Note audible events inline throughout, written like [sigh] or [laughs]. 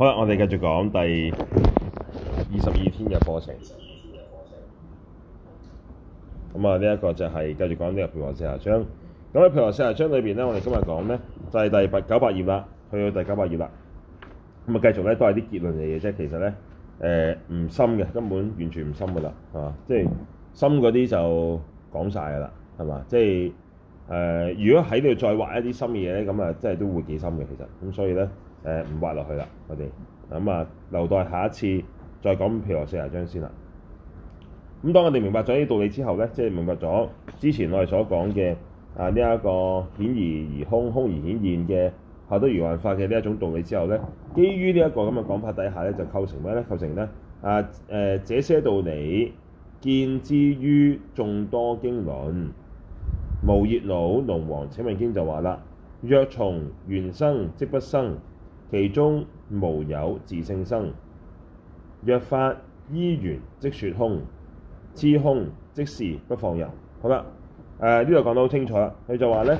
好啦，我哋繼續講第二十二天嘅課程。咁啊，呢一個就係繼續講呢個《培華四十章》。咁咧，《培華四十章》裏邊咧，我哋今日講咧就係、是、第八九百頁啦，去到第九百頁啦。咁啊，繼續咧都係啲結論嚟嘅啫。其實咧，誒、呃、唔深嘅，根本完全唔深噶啦，係嘛？即、就、係、是、深嗰啲就講晒噶啦，係嘛？即係誒，如果喺呢度再畫一啲深嘅嘢咧，咁啊，即係都會幾深嘅。其實咁，所以咧。誒唔挖落去啦，我哋咁、嗯、啊留待下一次再講《譬如提四行章先》先、嗯、啦。咁當我哋明白咗呢道理之後咧，即係明白咗之前我哋所講嘅啊呢一、這個顯而而空，空而顯現嘅《後得如幻化》嘅呢一種道理之後咧，基於呢一個咁嘅講法底下咧，就構成咩咧？構成咧啊誒、呃、這些道理見之於眾多經論，無熱惱龍王請問經就話啦：若從緣生，即不生。其中無有自性生，若法依緣即說空，知空即是不放逸。好啦，誒呢度講得好清楚啦。佢就話咧，誒、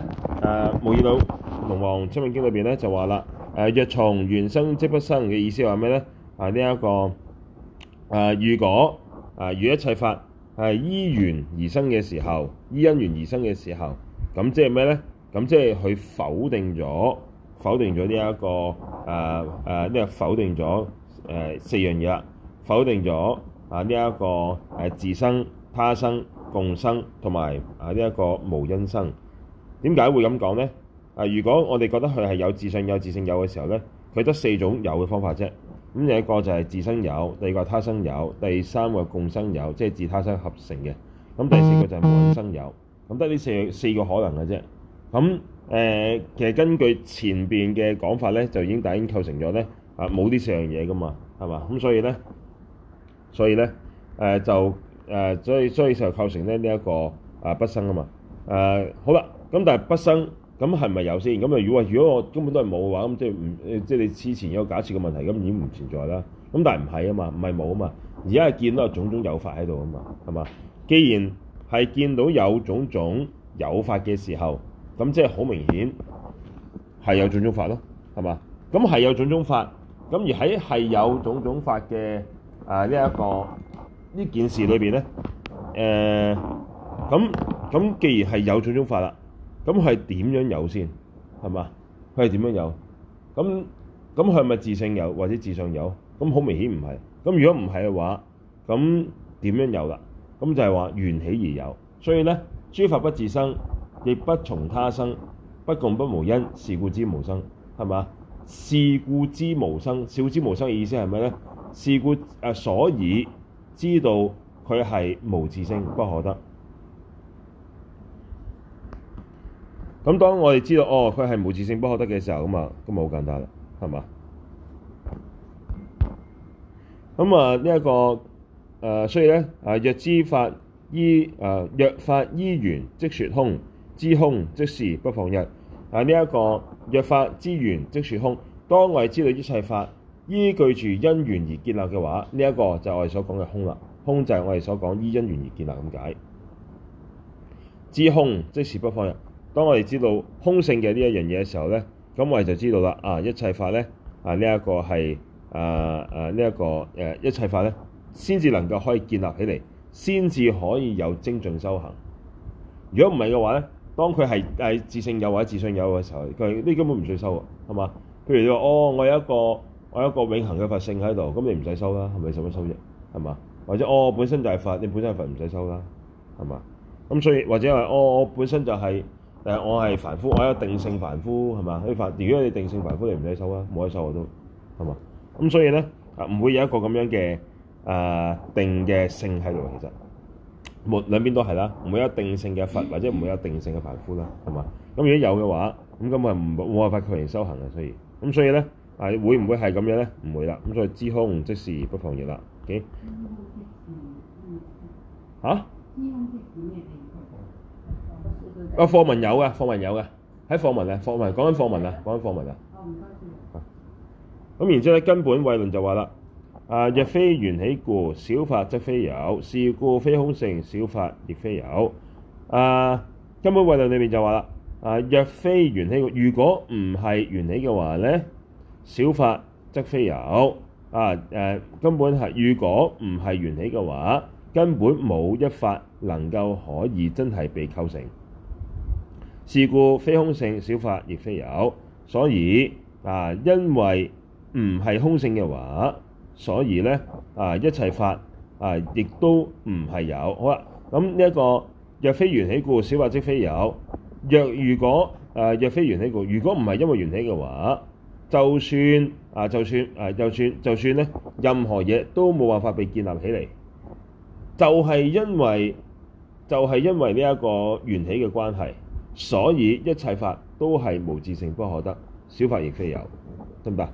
啊、《無熱惱龍王請問經》裏邊咧就話啦，誒若從緣生即不生嘅意思係咩咧？係呢一個誒、啊，如果誒如、啊、一切法係、啊、依緣而生嘅時候，依因緣而生嘅時候，咁即係咩咧？咁即係佢否定咗。否定咗呢一個誒誒，呢、啊啊這個否定咗誒、呃、四樣嘢啦。否定咗啊呢一、這個誒自生、他生、共生同埋啊呢一、這個無因生。點解會咁講咧？啊，如果我哋覺得佢係有自性、有自性有嘅時候咧，佢得四種有嘅方法啫。咁有一個就係自生有，第二個係他生有，第三個係共生有，即係自他生合成嘅。咁第四個就係無因生有。咁得呢四四個可能嘅啫。咁誒、呃，其實根據前邊嘅講法咧，就已經已經構成咗咧啊，冇呢四樣嘢噶嘛，係嘛？咁所以咧，所以咧誒、呃、就誒、呃，所以所以就構成咧呢一個啊、呃、不生啊嘛誒、呃、好啦。咁但係不生咁係咪有先？咁啊，如果如果我根本都係冇嘅話，咁即係唔即係你之前有假設嘅問題，咁已經唔存在啦。咁但係唔係啊嘛，唔係冇啊嘛。而家係見到有種種有法喺度啊嘛，係嘛？既然係見到有種種有法嘅時候。咁即係好明顯係有種種法咯，係嘛？咁係有種種法，咁而喺係有種種法嘅啊呢一個呢件事裏邊咧，誒咁咁既然係有種種法啦，咁係點樣有先？係嘛？佢係點樣有？咁咁佢係咪自性有或者自上有？咁好明顯唔係。咁如果唔係嘅話，咁點樣有啦？咁就係話緣起而有。所以咧，諸法不自生。亦不從他生，不共不無因，是故之無生，係嘛？是故之無生，少之無生嘅意思係咩咧？是故誒、啊，所以知道佢係無自性不可得。咁當我哋知道哦，佢係無自性不可得嘅時候，咁啊，咁、這個、啊，好簡單啦，係嘛？咁啊，呢一個誒，所以咧誒、啊，若知法依誒、啊，若法依緣即說空。知空即是不放逸，這個。啊呢一個若法之緣即是空，當我哋知道一切法依據住因緣而建立嘅話，呢、這、一個就係我哋所講嘅空啦。空就係我哋所講依因緣而建立咁解。知空即是不放逸。當我哋知道空性嘅呢一樣嘢嘅時候咧，咁我哋就知道啦。啊一切法咧、這個呃、啊呢一、這個係啊啊呢一個誒一切法咧，先至能夠可以建立起嚟，先至可以有精進修行。如果唔係嘅話咧？當佢係誒自性有或者自信有嘅時候，佢哋呢根本唔需要收啊，係嘛？譬如你話哦，我有一個我有一個永恆嘅佛性喺度，咁你唔使收啦，係咪使乜收益？係嘛？或者哦，本身就係佛，你本身就係佛，唔使收啦，係嘛？咁所以或者係哦，我本身就係誒、哦、我係、就是呃、凡夫，我有定性凡夫係嘛？你凡，如果你定性凡夫，你唔使收啦，冇得收我都係嘛？咁所以咧，唔會有一個咁樣嘅誒、呃、定嘅性喺度其實。兩邊都係啦，唔會有定性嘅佛，或者唔會有定性嘅凡夫啦，係嘛？咁如果有嘅話，咁咁咪唔冇辦法強行修行嘅，所以咁所以咧係會唔會係咁樣咧？唔會啦。咁所以知空即是不放逸啦。幾吓啊，課文有嘅，課文有嘅，喺課文啊，課文講緊課文啊，講緊課文啊。啊，咁、啊、然之後咧，根本慧論就話啦。啊、若非緣起故，少法則非有；是故非空性，少法亦非有。啊！根本慧論裏面就話啦、啊：若非緣起，如果唔係緣起嘅話呢？少法則非有。啊！誒、啊、根本係如果唔係緣起嘅話，根本冇一法能夠可以真係被構成，是故非空性，少法亦非有。所以啊，因為唔係空性嘅話。所以咧，啊一切法啊，亦都唔係有。好啦，咁呢一個若非緣起故，少法即非有。若如果誒若非緣起故，如果唔係因為緣起嘅話，就算啊，就算啊，就算就算咧，任何嘢都冇辦法被建立起嚟。就係因為就係因為呢一個緣起嘅關係，所以一切法都係無自性，不可得，少法亦非有，得唔得？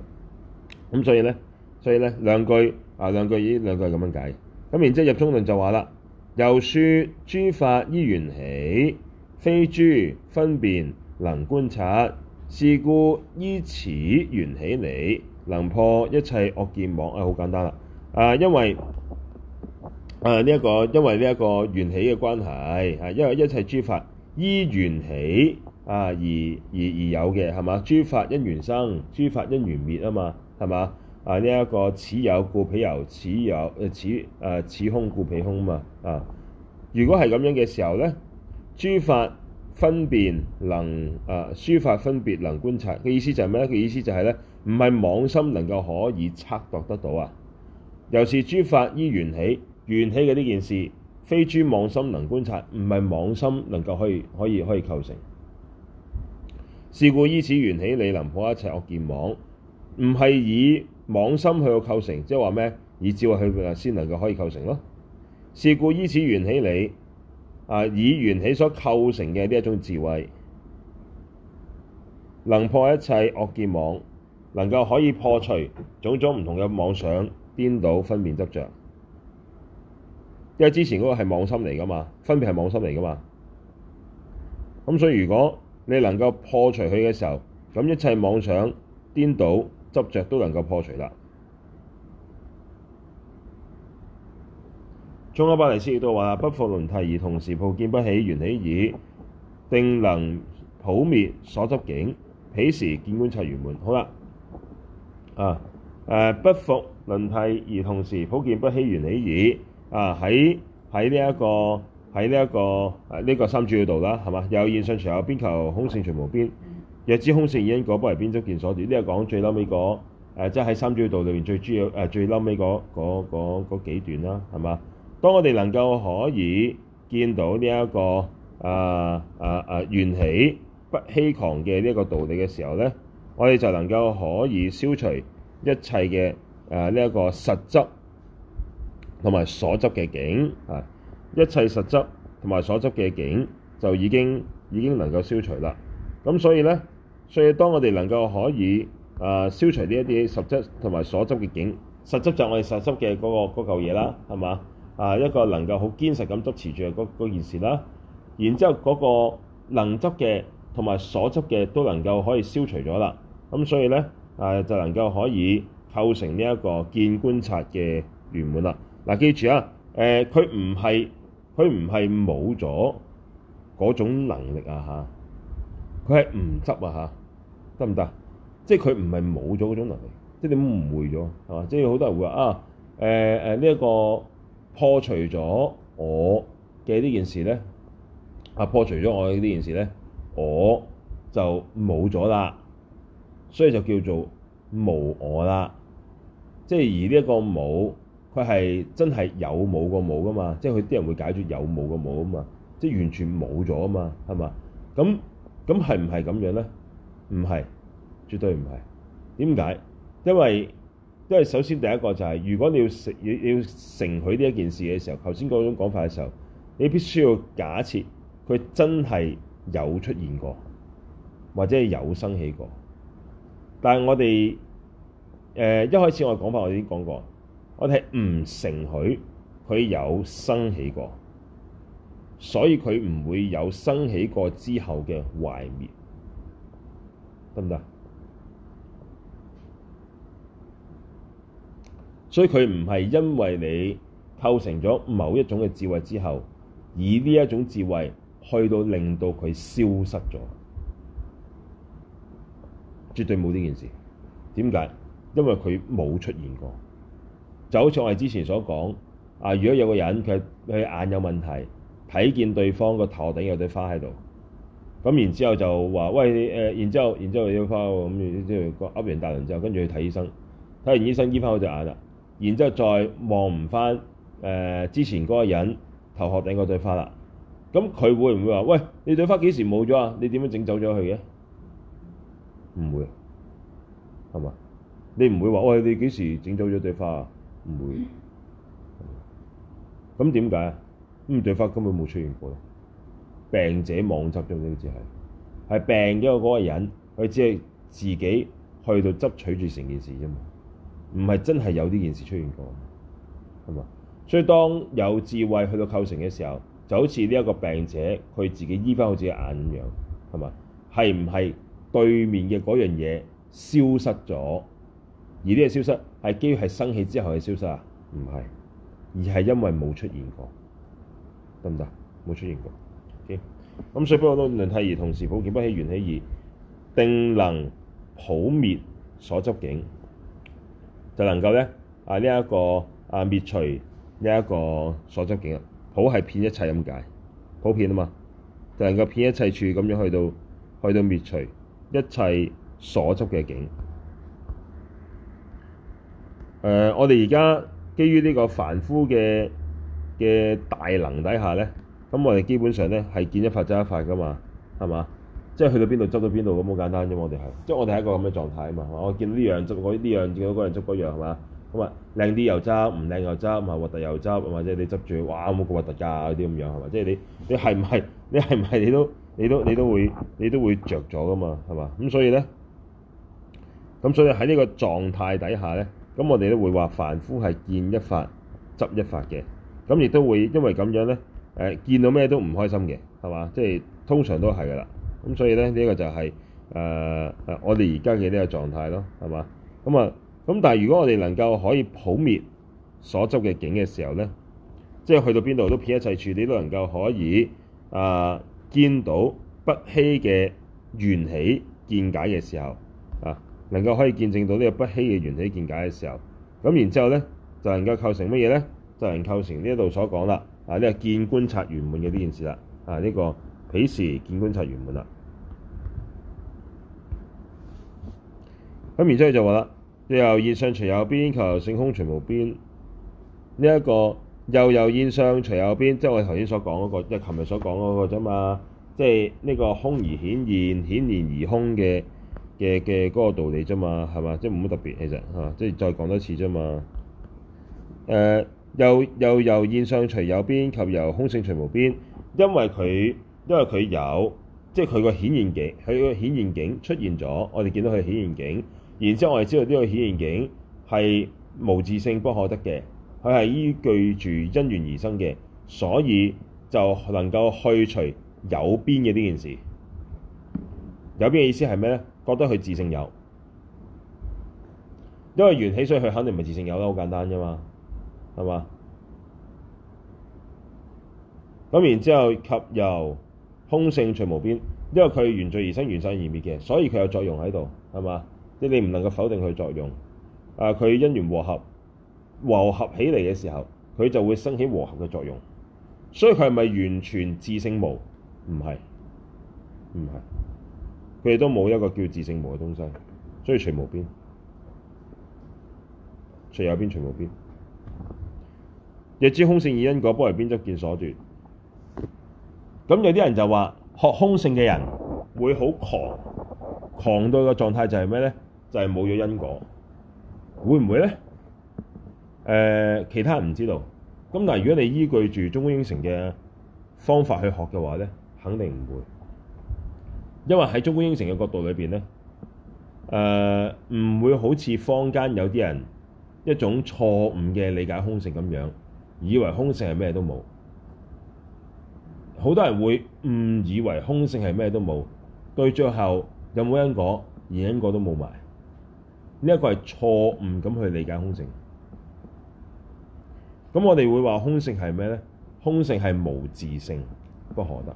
咁所以咧。所以咧，兩句啊，兩句，依兩句係咁樣解。咁，然之後入中論就話啦：由說諸法依緣起，非諸分別能觀察，是故依此緣起理，能破一切惡見網。誒，好簡單啦。啊，因為啊呢一、這個因為呢一個緣起嘅關係啊，因為一切諸法依緣起啊而而而有嘅係嘛？諸法因緣生，諸法因緣滅啊嘛，係嘛？啊呢一、這個此有故彼有，此有誒此誒此空故彼空嘛啊！如果係咁樣嘅時候咧，諸法分辨能誒，諸、啊、法分別能觀察嘅意思就係咩咧？嘅意思就係咧，唔係妄心能夠可以測度得到啊！又是諸法依緣起，緣起嘅呢件事，非諸妄心能觀察，唔係妄心能夠可以可以可以構成。是故依此緣起，你能破一切惡見網，唔係以。妄心去到構成，即係話咩？以智慧去啊，先能夠可以構成咯。是故依此緣起你啊，以緣起所構成嘅呢一種智慧，能破一切惡見網，能夠可以破除種種唔同嘅妄想，顛倒分辨執着。因為之前嗰個係妄心嚟噶嘛，分別係妄心嚟噶嘛。咁所以如果你能夠破除佢嘅時候，咁一切妄想顛倒。執着都能夠破除啦。仲有巴黎斯亦都話，不復輪替，而同時甫見不欺緣起已，定能普滅所執境。彼時見觀察圓滿。好啦，啊，誒，不復輪替，而同時甫見不欺緣起已。啊，喺喺呢一個喺呢一個誒呢個三柱嗰度啦，係嘛？有現象，除有邊，球空性，除無邊。若知空性現因果，不為邊執見所奪。呢個講最嬲尾嗰即係喺三主要道理裏面最主要誒、呃、最撈尾嗰幾段啦，係嘛？當我哋能夠可以見到呢、這、一個啊啊啊緣起不欺誑嘅呢一個道理嘅時候咧，我哋就能夠可以消除一切嘅誒呢一個實執同埋所執嘅境啊！一切實執同埋所執嘅境就已經已經能夠消除啦。咁所以咧～所以當我哋能夠可以誒消除呢一啲實執同埋所執嘅境，實質實質，實執就係我哋實執嘅嗰個嚿嘢啦，係嘛？啊，一個能夠好堅實咁執持住嗰嗰件事啦，然之後嗰個能執嘅同埋所執嘅都能夠可以消除咗啦。咁所以咧誒，就能夠可以構成呢一個見觀察嘅圓滿啦。嗱，記住啊，誒佢唔係佢唔係冇咗嗰種能力啊嚇，佢係唔執啊嚇。得唔得？即係佢唔係冇咗嗰種能力，即係你誤會咗係嘛？即係好多人會話啊誒呢一個破除咗我嘅呢件事咧，啊破除咗我嘅呢件事咧，我就冇咗啦。所以就叫做無我啦。即係而呢一個冇，佢係真係有冇個冇噶嘛？即係佢啲人會解讀有冇個冇啊嘛？即係完全冇咗啊嘛？係嘛？咁咁係唔係咁樣咧？唔係，絕對唔係。點解？因為因為首先第一個就係、是，如果你要承要要承許呢一件事嘅時候，頭先嗰種講法嘅時候，你必須要假設佢真係有出現過，或者有生起過。但係我哋誒、呃、一開始我嘅講法我已經講過，我哋係唔承許佢有生起過，所以佢唔會有生起過之後嘅壞滅。得唔得？所以佢唔係因為你構成咗某一種嘅智慧之後，以呢一種智慧去到令到佢消失咗，絕對冇呢件事。點解？因為佢冇出現過，就好似我哋之前所講啊。如果有個人佢，佢眼有問題，睇見對方個頭頂有朵花喺度。咁然之後就話：喂，誒、呃，然之後，然之後你要花，咁即係噏完大人之後，跟住去睇醫生，睇完醫生醫翻我隻眼啦。然之後再望唔翻誒之前嗰個人頭殼頂嗰對花啦。咁佢會唔會話：喂，你對花幾時冇咗啊？你點樣整走咗佢嘅？唔會，係嘛？你唔會話：喂，你幾時整走咗對花啊？唔會。咁點解？咁對花根本冇出現過。病者妄執咗，呢啲嘢係，係病咗嗰個人，佢只係自己去到執取住成件事啫嘛，唔係真係有呢件事出現過，係嘛？所以當有智慧去到構成嘅時候，就好似呢一個病者，佢自己醫翻好自己的眼咁樣，係嘛？係唔係對面嘅嗰樣嘢消失咗？而呢個消失係基於係生起之後嘅消失啊？唔係，而係因為冇出現過，得唔得？冇出現過。咁、嗯、所以不，不復輪替而同時，甫見不欺緣起已，定能普滅所執境，就能夠咧啊呢一、這個啊滅除呢一、這個所執境啊，普係遍一切咁解，普遍啊嘛，就能夠遍一切處咁樣去到去到滅除一切所執嘅境。誒、呃，我哋而家基於呢個凡夫嘅嘅大能底下咧。咁我哋基本上咧係見一發執一發噶嘛，係嘛？就是，即係去到邊度執到邊度咁好簡單啫。我哋係即係我哋係一個咁嘅狀態啊嘛。我見到呢樣執嗰呢樣，見到嗰樣執嗰樣係嘛？咁啊靚啲又執，唔靚又執，啊核突又執，或者你執住哇冇咁核突㗎嗰啲咁樣係嘛？即係你你係唔係你係唔係你都你都你都你都會你都會着咗㗎嘛係嘛？咁所以咧，咁所以喺呢個狀態底下咧，咁我哋都會話凡夫係見一發執一發嘅，咁亦都會因為咁樣咧。誒、呃、見到咩都唔開心嘅係嘛？即係通常都係㗎啦。咁所以咧，呢、這個就係誒誒我哋而家嘅呢個狀態咯，係嘛？咁啊咁，但係如果我哋能夠可以普滅所執嘅境嘅時候咧，即係去到邊度都撇一切處，你都能夠可以啊、呃、見到不欺嘅緣起見解嘅時候啊，能夠可以見證到呢個不欺嘅緣起見解嘅時候，咁然之後咧就能夠構成乜嘢咧？就係構成呢一度所講啦。啊！呢個見觀察圓滿嘅呢件事啦。啊！呢、這個彼時見觀察圓滿啦。咁然之後就話啦，又由現相除有邊，求由性空除無邊。呢、這、一個又由現相除有邊，即係我哋頭先所講嗰、那個，即係琴日所講嗰個啫嘛。即係呢個空而顯現，顯然而空嘅嘅嘅嗰個道理啫嘛，係嘛？即係冇乜特別，其實、啊、即係再講多次啫嘛。呃又又由現相除有邊及由空性除無邊，因為佢因為佢有，即係佢個顯現境，佢個顯現境出現咗，我哋見到佢顯現境，然之後我哋知道呢個顯現境係無自性不可得嘅，佢係依據住因緣而生嘅，所以就能夠去除有邊嘅呢件事。有邊嘅意思係咩呢？覺得佢自性有，因為緣起水，所以佢肯定唔係自性有啦，好簡單啫嘛。係嘛？咁然之後及由空性除無邊，因為佢緣聚而生，緣散而滅嘅，所以佢有作用喺度，係嘛？即係你你唔能夠否定佢作用。啊，佢因緣和合和合起嚟嘅時候，佢就會生起和合嘅作用。所以佢係咪完全自性無？唔係，唔係。佢哋都冇一個叫自性無嘅東西，所以除無邊，除有邊，除無邊。若知空性現因果，不為邊執見所奪。咁有啲人就話學空性嘅人會好狂，狂到嘅狀態就係咩咧？就係冇咗因果，會唔會咧？誒、呃，其他人唔知道。咁嗱，如果你依據住中觀應成嘅方法去學嘅話咧，肯定唔會，因為喺中觀應成嘅角度裏邊咧，誒、呃、唔會好似坊間有啲人一種錯誤嘅理解空性咁樣。以為空性係咩都冇，好多人會誤以為空性係咩都冇。到最後有冇因果？而因果都冇埋，呢一個係錯誤咁去理解空性。咁我哋會話空性係咩咧？空性係無自性不可得。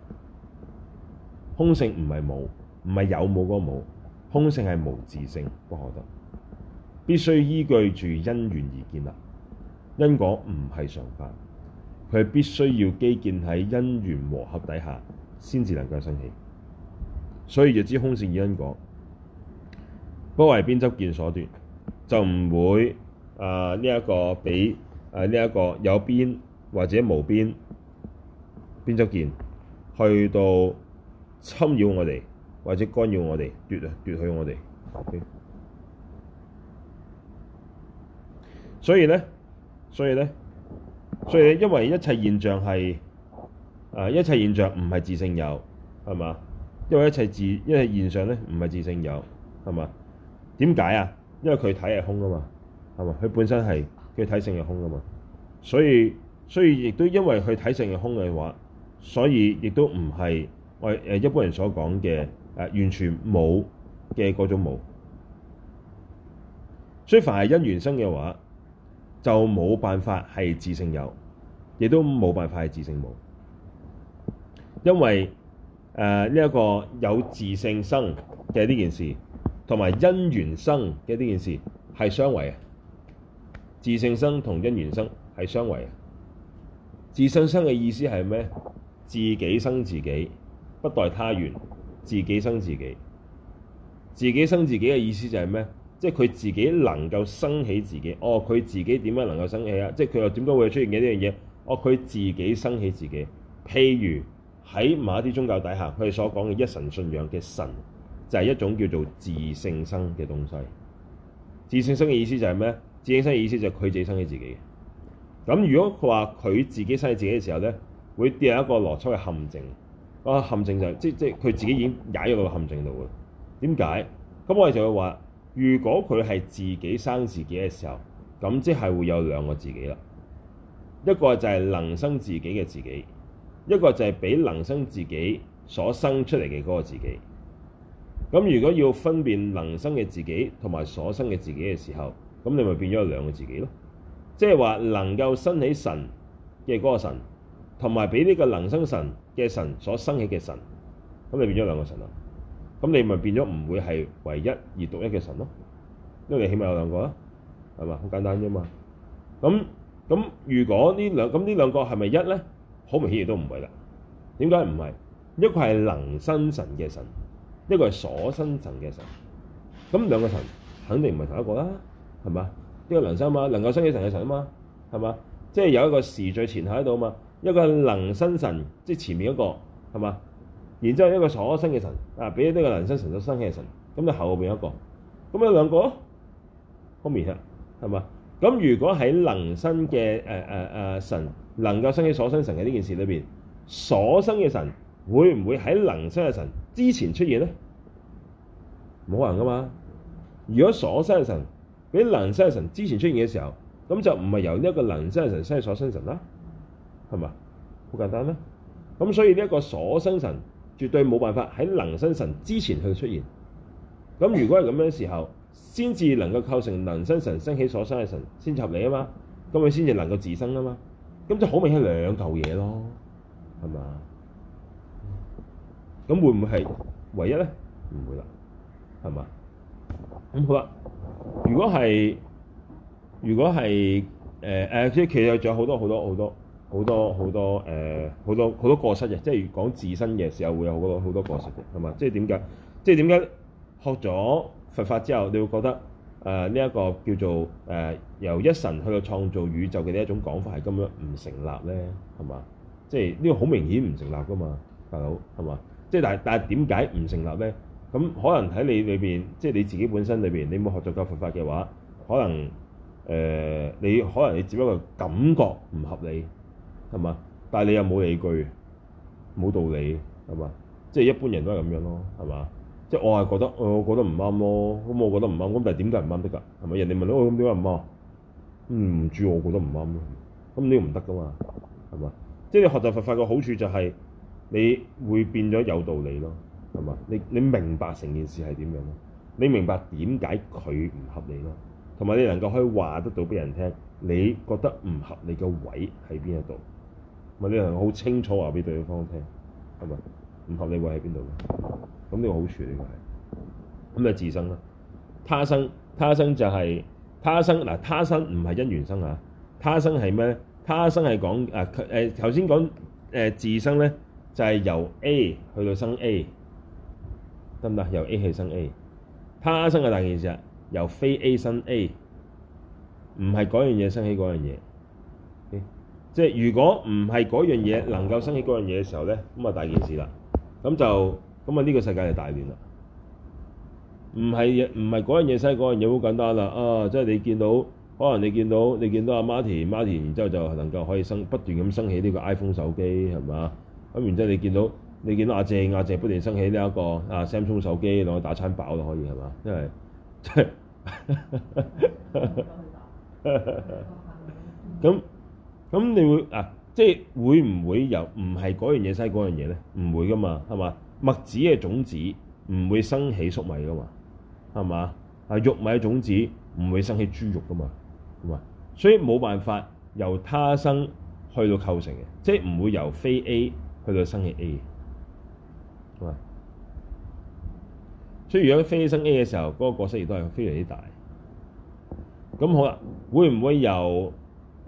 空性唔係冇，唔係有冇嗰個冇。空性係無自性不可得，必須依據住因緣而建立。因果唔係常法，佢必須要基建喺因緣和合底下，先至能夠生起。所以就知空性因果，不為邊執見所奪，就唔會誒呢一個俾誒呢一個有邊或者無邊邊執見去到侵擾我哋，或者干擾我哋，奪奪去我哋。Okay? 所以咧。所以咧，所以咧，因為一切現象係誒一切現象唔係自性有，係嘛？因為一切自一切現象咧唔係自性有，係嘛？點解啊？因為佢體係空啊嘛，係嘛？佢本身係佢體性係空啊嘛。所以所以亦都因為佢體性係空嘅話，所以亦都唔係我誒一般人所講嘅誒完全冇嘅嗰種冇。所以凡係因緣生嘅話，就冇辦法係自性有，亦都冇辦法係自性冇。因為呃，呢一個有自性生嘅呢件事，同埋因緣生嘅呢件事係相違嘅。自性生同因緣生係相違嘅。自性生嘅意思係咩？自己生自己，不待他緣，自己生自己。自己生自己嘅意思就係咩？即係佢自己能夠生起自己哦。佢自己點樣能夠生起啊？即係佢又點解會出現呢樣嘢？哦，佢自己生起自己。譬如喺某一啲宗教底下，佢哋所講嘅一神信仰嘅神就係、是、一種叫做自性生嘅東西。自性生嘅意思就係咩？自性生嘅意思就係佢自己生起自己嘅。咁如果佢話佢自己生起自己嘅時候咧，會跌入一個邏輯嘅陷阱。啊、那個，陷阱就係、是、即即係佢自己已經踩咗個陷阱度嘅。點解？咁我哋就會話。如果佢係自己生自己嘅時候，咁即係會有兩個自己啦。一個就係能生自己嘅自己，一個就係俾能，能生自己所生出嚟嘅嗰個自己。咁如果要分辨能生嘅自己同埋所生嘅自己嘅時候，咁你咪變咗兩個自己咯。即係話能夠生起神嘅嗰個神，同埋俾呢個能生神嘅神所生起嘅神，咁你變咗兩個神啦。咁你咪變咗唔會係唯一而獨一嘅神咯，因為你起碼有兩個啦，係嘛？好簡單啫嘛。咁咁如果呢兩咁呢兩個係咪一咧？好明顯亦都唔係啦。點解唔係？一個係能生神嘅神，一個係所生神嘅神。咁兩個神肯定唔係同一個啦，係嘛？呢個能生啊嘛，能夠生起神嘅神啊嘛，係嘛？即係有一個時序前後喺度啊嘛，一個係能生神，即係前面一個，係嘛？然之後一個所生嘅神啊，俾呢個能生神所生嘅神，咁就後邊一個，咁有兩個，好明顯係嘛？咁如果喺能生嘅誒誒誒神能夠生起所生神嘅呢件事裏邊，所生嘅神會唔會喺能生嘅神之前出現咧？冇可能噶嘛！如果所生嘅神俾能生嘅神之前出現嘅時候，咁就唔係由呢一個能生嘅神生起所生嘅神啦，係嘛？好簡單啦。咁所以呢一個所生神。絕對冇辦法喺能生神之前去出現。咁如果係咁樣嘅時候，先至能夠構成能生神升起所生嘅神，先合理啊嘛。咁佢先至能夠自生啊嘛。咁就好明顯係兩嚿嘢咯，係嘛？咁會唔會係唯一咧？唔會啦，係嘛？咁好啦，如果係，如果係，誒、呃、誒，即係其實仲有好多好多好多。很多很多好多好多誒，好、呃、多好多過失嘅，即係講自身嘅時候會有好多好多過失嘅，係嘛？即係點解？即係點解學咗佛法之後，你會覺得誒呢一個叫做誒、呃、由一神去到創造宇宙嘅呢一種講法係根本唔成立咧，係嘛？即係呢、這個好明顯唔成立噶嘛，大佬係嘛？即係但係但係點解唔成立咧？咁可能喺你裏邊，即係你自己本身裏邊，你冇學足夠佛法嘅話，可能誒、呃、你可能你只不過感覺唔合理。係嘛？但係你又冇理據，冇道理，係嘛？即係一般人都係咁樣咯，係嘛？即係我係覺得、呃，我覺得唔啱咯。咁我覺得唔啱，咁但係點解唔啱得㗎？係咪人哋問到我點解唔啱？唔住，我覺得唔啱咯。咁你唔得㗎嘛？係嘛？即係學習佛法嘅好處就係你會變咗有道理咯，係嘛？你你明白成件事係點樣咯？你明白點解佢唔合理咯？同埋你能夠可以話得到俾人聽，你覺得唔合理嘅位喺邊一度？咪你係好清楚話俾對方聽，係咪？唔合理位喺邊度？咁呢個好處呢個係，咁就自生啦。他生，他生就係他生嗱，他生唔係因緣生嚇，他生係咩咧？他生係講誒誒頭先講誒自生咧，就係由 A 去到生 A，得唔得？由 A 去生 A，他生嘅大件事，啊，由非 A 生 A，唔係嗰樣嘢生起嗰樣嘢。即係如果唔係嗰樣嘢能夠生起嗰樣嘢嘅時候咧，咁啊大件事啦，咁就咁啊，呢個世界就是大亂啦。唔係唔係嗰樣嘢生嗰樣嘢好簡單啦啊！即係你見到，可能你見到你見到阿馬田馬田，然之後就能夠可以生不斷咁生起呢個 iPhone 手機係嘛？咁然之後你見到你見到阿鄭阿鄭不斷生起呢一個啊 Samsung 手機攞去打餐飽都可以係嘛？因為即係咁。就是 [laughs] [laughs] [laughs] 咁你會啊，即係會唔會由唔係嗰樣嘢生嗰樣嘢咧？唔會噶嘛，係嘛？麥子嘅種子唔會生起粟米噶嘛，係嘛？啊，玉米嘅種子唔會生起豬肉噶嘛，係嘛，咁啊，所以冇辦法由他生去到構成嘅，即係唔會由非 A 去到生起 A，係嘛，咁啊，所以如果非生 A 嘅時候，嗰、那個過失亦都係非常之大。咁好啦，會唔會由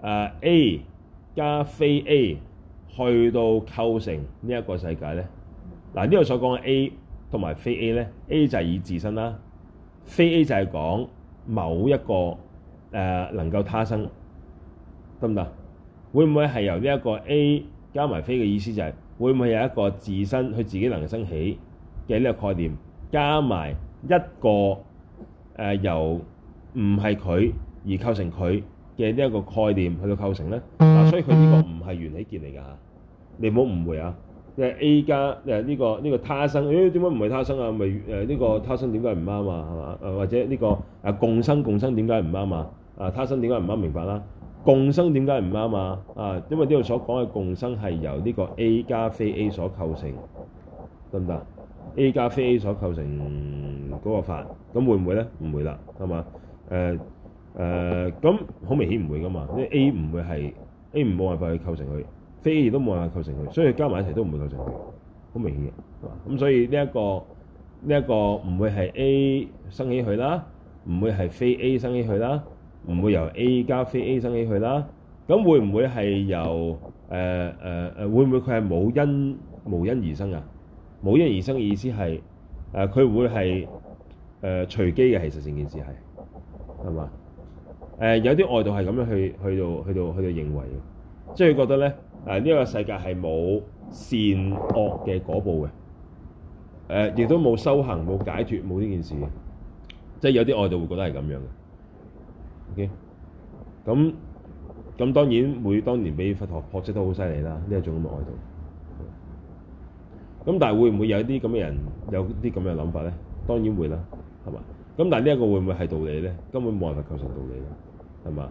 啊、呃、A？加非 A 去到構成呢一個世界咧，嗱，呢度所講嘅 A 同埋非 A 咧，A 就係以自身啦，非 A 就係講某一個誒、呃、能夠他生得唔得？會唔會係由呢一個 A 加埋非嘅意思就係會唔會有一個自身佢自己能夠升起嘅呢個概念，加埋一個誒、呃、由唔係佢而構成佢？嘅呢一個概念去到構成咧，嗱、啊，所以佢呢個唔係緣起件嚟㗎嚇，你唔好誤會啊！即、就、係、是、A 加，即、這、呢個呢、呢個他生，誒點解唔係他生啊？咪誒呢個他生點解唔啱啊？係嘛？誒、啊、或者呢、呢個啊共生共生點解唔啱啊？啊他生點解唔啱？明白啦、啊！共生點解唔啱啊？啊，因為呢度所講嘅共生係由呢個 A 加非 A 所構成，得唔得？A 加非 A 所構成嗰個法，咁會唔會咧？唔會啦，係嘛？誒、呃。誒咁好明顯唔會㗎嘛，因為 A 唔會係 A 唔冇辦法去構成佢，非 A 亦都冇辦法構成佢，所以加埋一齊都唔會構成佢，好明顯。咁所以呢、呢、一個呢一、呢個唔會係 A 生起佢啦，唔會係非 A 生起佢啦，唔會由 A 加非 A 生起佢啦。咁會唔會係由誒誒誒會唔會佢係冇因無因而生啊？冇因而生嘅意思係佢、呃、會係誒、呃、隨機嘅，其實成件事係係嘛？誒有啲外道係咁樣去去到去到去到認為嘅，即係佢覺得咧誒呢個世界係冇善惡嘅嗰部嘅，誒亦都冇修行冇解決冇呢件事嘅，即係有啲外道會覺得係咁樣嘅。O K，咁咁當然每當年被佛學破斥都好犀利啦，呢一種咁嘅外道。咁但係會唔會有啲咁嘅人有啲咁嘅諗法咧？當然會啦，係嘛？咁但係呢一個會唔會係道理咧？根本冇辦法構成道理啦，係嘛？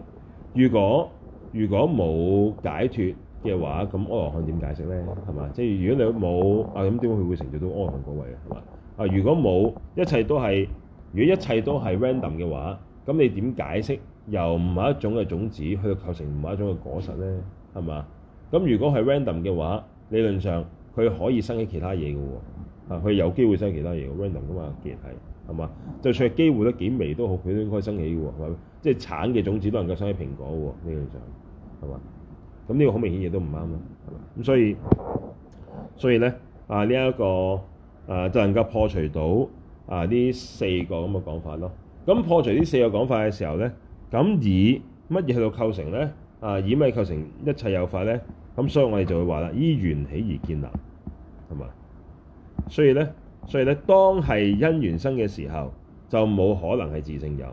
如果如果冇解脫嘅話，咁阿羅漢點解釋咧？係嘛？即係如果你冇啊，咁點解佢會成就到阿羅漢嗰位啊？係嘛？啊，如果冇一切都係如果一切都係 random 嘅話，咁你點解釋由唔係一種嘅種子去到構成唔係一種嘅果實咧？係嘛？咁如果係 random 嘅話，理論上佢可以生起其他嘢嘅喎，啊，佢有機會生其他嘢 random 㗎嘛？既然係。係嘛？就算機會都幾微都好，佢都應該生起喎。即係、就是、橙嘅種子都能夠生起蘋果喎。呢、這個就係係嘛？咁呢個好明顯嘢都唔啱啦。咁所以所以咧啊，呢、這、一個啊就能夠破除到啊呢四個咁嘅講法咯。咁破除呢四個講法嘅時候咧，咁以乜嘢去到構成咧？啊，以乜嘢構成一切有法咧？咁所以我哋就會話啦，依緣起而建立係嘛？所以咧。所以咧，當係因緣生嘅時候，就冇可能係自性有，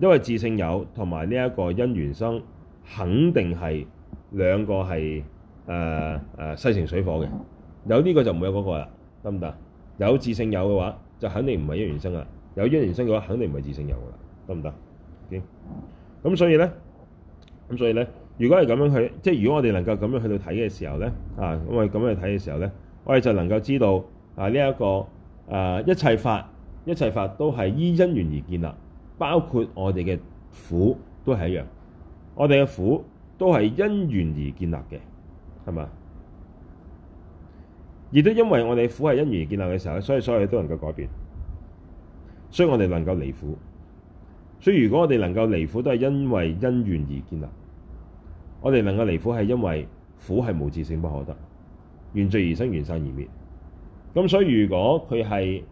因為自性有同埋呢一個因緣生，肯定係兩個係誒誒西城水火嘅。有呢個就唔會有嗰個啦，得唔得？有自性有嘅話，就肯定唔係因緣生啦。有因緣生嘅話，肯定唔係自性有噶啦，得唔得？咁咁，所以咧，咁所以咧，如果係咁樣去，即係如果我哋能夠咁樣去到睇嘅時候咧，啊，咁啊咁樣去睇嘅時候咧，我哋就能夠知道。啊！呢、這、一個誒、啊、一切法，一切法都係依因緣而建立，包括我哋嘅苦都係一樣。我哋嘅苦都係因緣而建立嘅，係嘛？而都因為我哋苦係因緣而建立嘅時候，所以所有嘢都能夠改變，所以我哋能夠離苦。所以如果我哋能夠離苦，都係因為因緣而建立。我哋能夠離苦係因為苦係無自性不可得，緣聚而生，緣散而滅。咁所以，如果佢係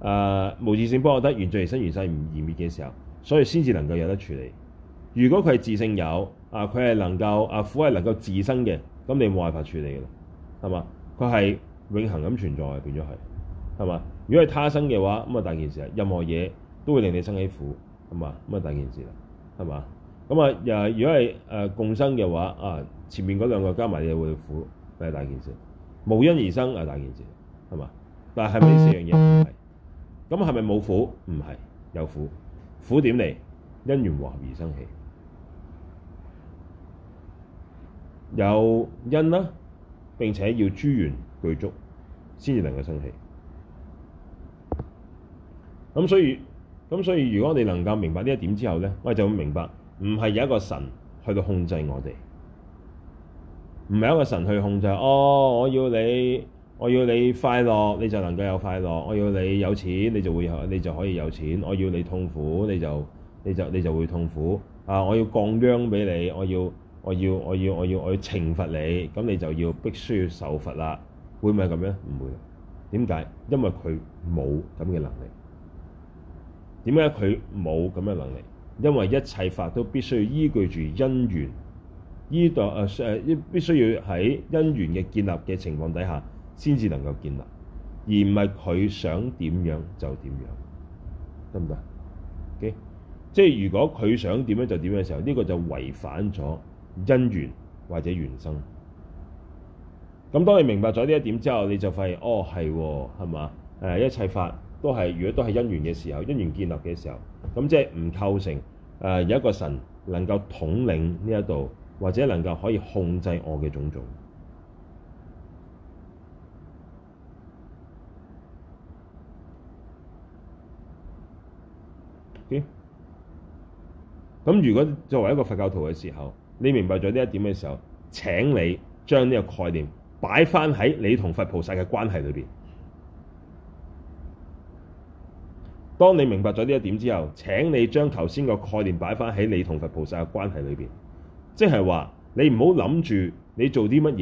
誒無自性，我覺得緣聚，而生，緣逝唔易滅嘅時候，所以先至能夠有得處理。如果佢係自性有啊，佢係能夠啊苦係能夠自生嘅，咁你冇辦法處理嘅啦，係嘛？佢係永恆咁存在變咗係，係嘛？如果係他，他生嘅話，咁啊大件事啊，任何嘢都會令你生起苦，係嘛？咁啊大件事啦，係嘛？咁啊又如果係誒、呃、共生嘅話啊，前面嗰兩個加埋你會苦，係大件事，無因而生啊大件事。係嘛？但係咪呢四樣嘢唔係？咁係咪冇苦？唔係，有苦。苦點嚟？因緣和合而生起，有因啦，並且要諸緣具足才，先至能夠生起。咁所以，咁所以，如果我哋能夠明白呢一點之後咧，我哋，就會明白，唔係有一個神去到控制我哋，唔係有一個神去控制哦，我要你。我要你快樂，你就能夠有快樂；我要你有錢，你就會有，你就可以有錢。我要你痛苦，你就你就你就會痛苦啊！我要降殃俾你，我要我要我要我要我要懲罰你，咁你就要必須要受罰啦。會唔會咁樣？唔會。點解？因為佢冇咁嘅能力。點解佢冇咁嘅能力？因為一切法都必須要依據住因緣，依度誒、誒，必須要喺因緣嘅建立嘅情況底下。先至能夠建立，而唔係佢想點樣就點樣，得唔得？OK，即係如果佢想點樣就點樣嘅時候，呢、這個就違反咗因緣或者緣生。咁當你明白咗呢一點之後，你就發現哦係，係嘛、啊？誒一切法都係如果都係因緣嘅時候，因緣建立嘅時候，咁即係唔構成誒、呃、有一個神能夠統領呢一度，或者能夠可以控制我嘅種種。咁，如果作為一個佛教徒嘅時候，你明白咗呢一點嘅時候，請你將呢個概念擺翻喺你同佛菩薩嘅關係裏邊。當你明白咗呢一點之後，請你將頭先個概念擺翻喺你同佛菩薩嘅關係裏邊，即係話你唔好諗住你做啲乜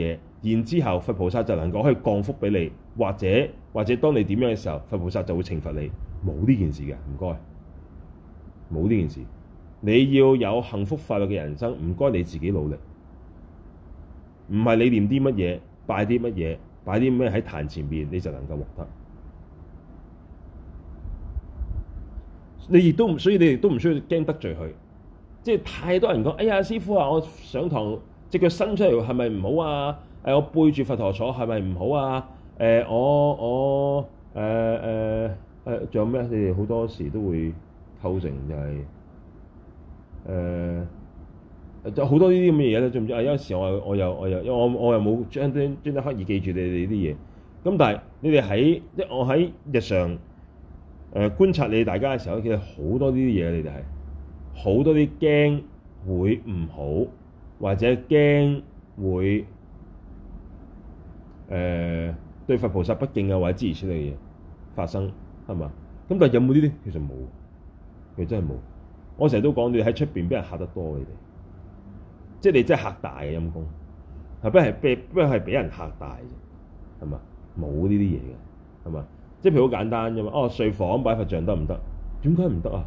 嘢，然之後佛菩薩就能夠可以降福俾你，或者或者當你點樣嘅時候，佛菩薩就會懲罰你，冇呢件事嘅，唔該。冇呢件事，你要有幸福快樂嘅人生，唔該你自己努力，唔係你念啲乜嘢，拜啲乜嘢，拜啲咩喺壇前面你就能夠獲得。你亦都唔，所以你亦都唔需要驚得罪佢，即係太多人講，哎呀師傅啊，我上堂隻腳伸出嚟係咪唔好啊？誒我背住佛陀坐係咪唔好啊？誒、呃、我我誒誒誒仲有咩？你哋好多時都會。構成就係、是、誒、呃，就好多呢啲咁嘅嘢咧，知唔知啊？有陣時候我我又我又因為我我又冇將啲將刻意記住你哋啲嘢。咁但係你哋喺即我喺日常誒觀察你大家嘅時候，其實好多呢啲嘢。你哋係好多啲驚會唔好，或者驚會誒、呃、對佛菩薩不敬啊，或者支持出嚟嘅嘢發生係嘛？咁但係有冇呢啲？其實冇。佢真係冇，我成日都講你喺出邊俾人嚇得多，你哋，即係你真係嚇大嘅陰功，係不係被？不係俾人嚇大啫，係嘛？冇呢啲嘢嘅，係嘛？即係譬如好簡單啫嘛，哦，睡房擺佛像得唔得？點解唔得啊？